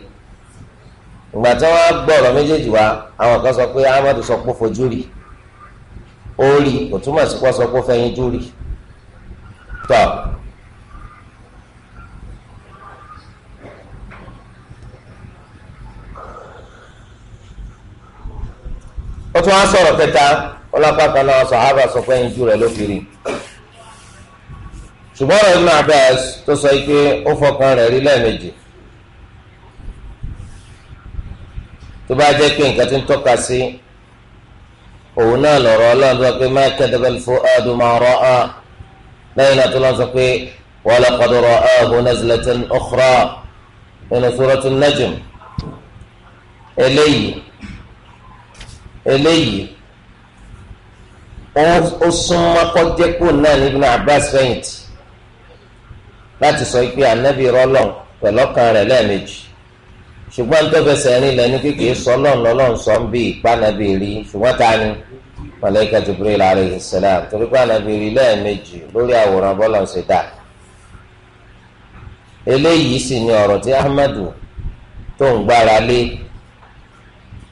ìgbà tí wọ́n gbọ́rọ̀ méjèèjì wá àwọn kan sọ pé amadu sọ pé fojú rí ó kò túmọ̀ sí pé ó sọ pé ó fẹ́yìn jú rí tọ́. ó tún wá sọ̀rọ̀ kẹta ọlọ́pàá náà sọ̀hábà sọ pé ẹyin jù rẹ̀ ló fi rí ṣùgbọ́n ọ̀rọ̀ Ibn Abbas tó sọ pé ó fọkàn rẹ̀ rí lẹ́ẹ̀mejì tó bá jẹ́ pé nǹkan ti ń tọ́ka sí òun náà lọ̀rọ̀ ọlọ́run sọ pé ma kadhaba al-fu'adu ma ra'a lẹ́yìn náà tó lọ́ sọ pé wa laqad ra'ahu nazlatan ukhra nínú Suratu Najm eléyìí. eléyìí ó súnmọ́ kọjá náà na Abbas fẹ̀yìntì láti sọ pé anabi rọlọ́n pẹ̀lú ọkàn rẹ̀ lẹ́ẹ̀mejì ṣùgbọ́n tó rìn lẹ́nu kékeré sọ lọ́n lọ́n sọ bí ìpánabi rí ṣùgbọ́n ta ni màláíkà Jibril alayhi salam torí pé rí lẹ́ẹ̀mejì lórí àwòrán bọ́lá ṣe dà eléyìí sì ni tí Ahmadu tó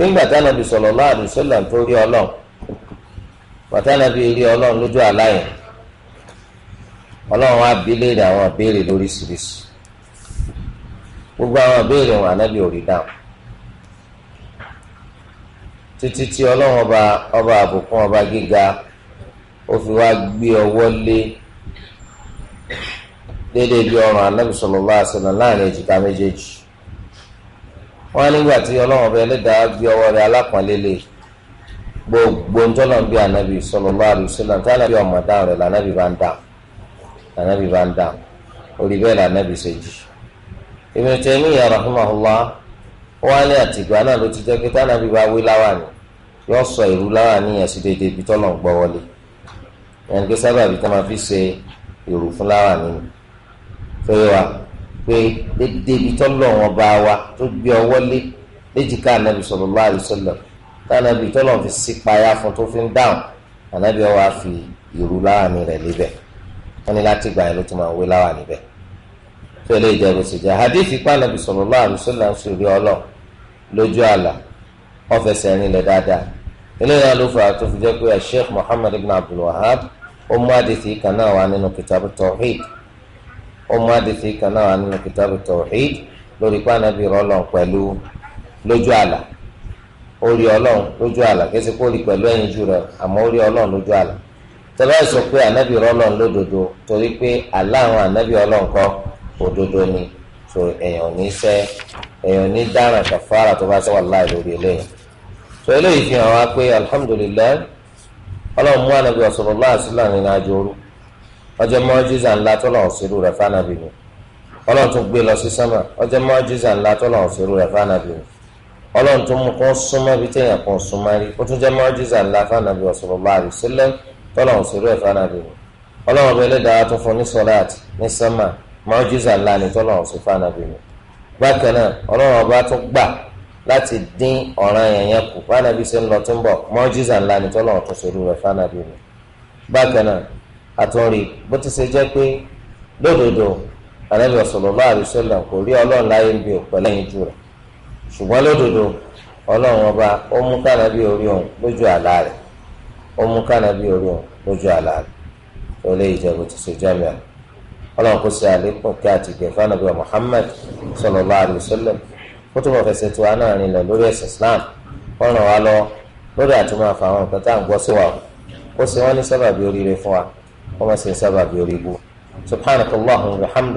nígbà tí anabi sallallahu alaihi wasallam tó rí Ọlọ́run bàtà anabi rí Ọlọ́run lójú aláyẹ Ọlọ́run wa bí léèrè àwọn àbéèrè lóríṣiríṣi gbogbo àwọn àbéèrè wọn anabi ò rí dáhùn títí tí Ọlọ́run ọba ọba àbùkún ọba gíga ó fi wá gbé ọwọ́ lé déédéé bí ọrùn anabi sallallahu alaihi wasallam láàrin èjìká méjèèjì wọn nígbà tí ọlọ́run ọba ẹlẹ́dàá bí ọwọ́ rẹ̀ alápọ̀nlélẹ̀ gbogbo ń tọ́lọ̀ ń bí anabi sallallahu alaihi wasallam tí anabi ọmọ dáhùn rẹ̀ lànàbí bá ń dáhùn lànàbí bá ń dáhùn orí bẹ́ẹ̀ lànàbí ṣe jù Ibn Taymiyyah rahimahullah wọn ní àtìgbà náà ló ti jẹ́ pé tànàbí bá wí láwàní yóò sọ ìlú láwàní yẹn sí déédéé ibi tọ́lọ̀ gbọ́ wọlé ẹnì sábàbí tá máa fi ṣe ìrù fún láwàní ni pé dédé ibi tọ́lọ̀ wọn bá wa tó gbé ọwọ́ lé léjìká ànábì sallallahu alaihi wasallam tànàbì tọ́lọ̀ fi sí payá fún tó fi ń dáhùn ànábì ọwọ́ á fi ìrù láwàní rẹ̀ lébẹ̀ wọ́n ní láti gbà yẹn ló ti máa ń wé láwàní bẹ̀ tó ilé ìjẹun sì jẹ́ hadith ipá ànábì sallallahu alaihi wasallam sì rí ọlọ́ lójú àlà wọ́n fẹsẹ̀ rinlẹ̀ dáadáa eléyà ló fà tó fi jẹ́ pé Sheikh Muhammad ibn Abdul Wahhab ó kan náà wá nínú kitabu tawhid ọmọ àdìsí kan náà wà nínú kìtàbù tawhid lórí pé ànábì rọ Ọlọ́run pẹ̀lú lójú àlà ó rí Ọlọ́run lójú àlà kése kó rí pẹ̀lú ẹyin jù rẹ àmọ́ ó rí Ọlọ́run lójú àlà tẹlẹ sọ pé ànábì rọ Ọlọ́run lódodo torí pé àlá àwọn ànábì Ọlọ́run kọ́ òdodo ni so èèyàn ní sẹ èèyàn ní dáràn kàfàrà tó bá sẹ wà láì lórí eléyìí so eléyìí fi hàn wá pé alhamdulilayi Ọlọ́run mú ànábì sallallahu alaihi nínú àjò òru ọjọ́ mọ́júzà ńlá tọlọ òṣèlú rẹ fánàbí mi ọlọ́run tún gbé lọ sí sánmà ọjọ́ mọ́júzà ńlá tọlọ òṣèlú rẹ fánàbí mi ọlọ́run tún mú kún súnmọ́ bí téèyàn rí ó tún ńlá fánàbí òṣèlú fánàbí mi tún fún ní ní ńlá òṣèlú fánàbí mi ọba àtúnrí bó ti ṣe jẹ́ pé lódodo ànábì sallallahu alaihi kò rí ọlọ́run láyé ń bi òpè lẹ́yìn jù rẹ̀ ṣùgbọ́n lódodo ọlọ́run ọba ó mú kànábì orí òun lójú àlá rẹ̀ ó mú kànábì orí òun lójú Muhammad kó tó mọ̀ fẹsẹ̀ náà nílẹ̀ lórí Islam wọ́n ràn وما سن سبب يريبون سبحانك اللهم وبحمدك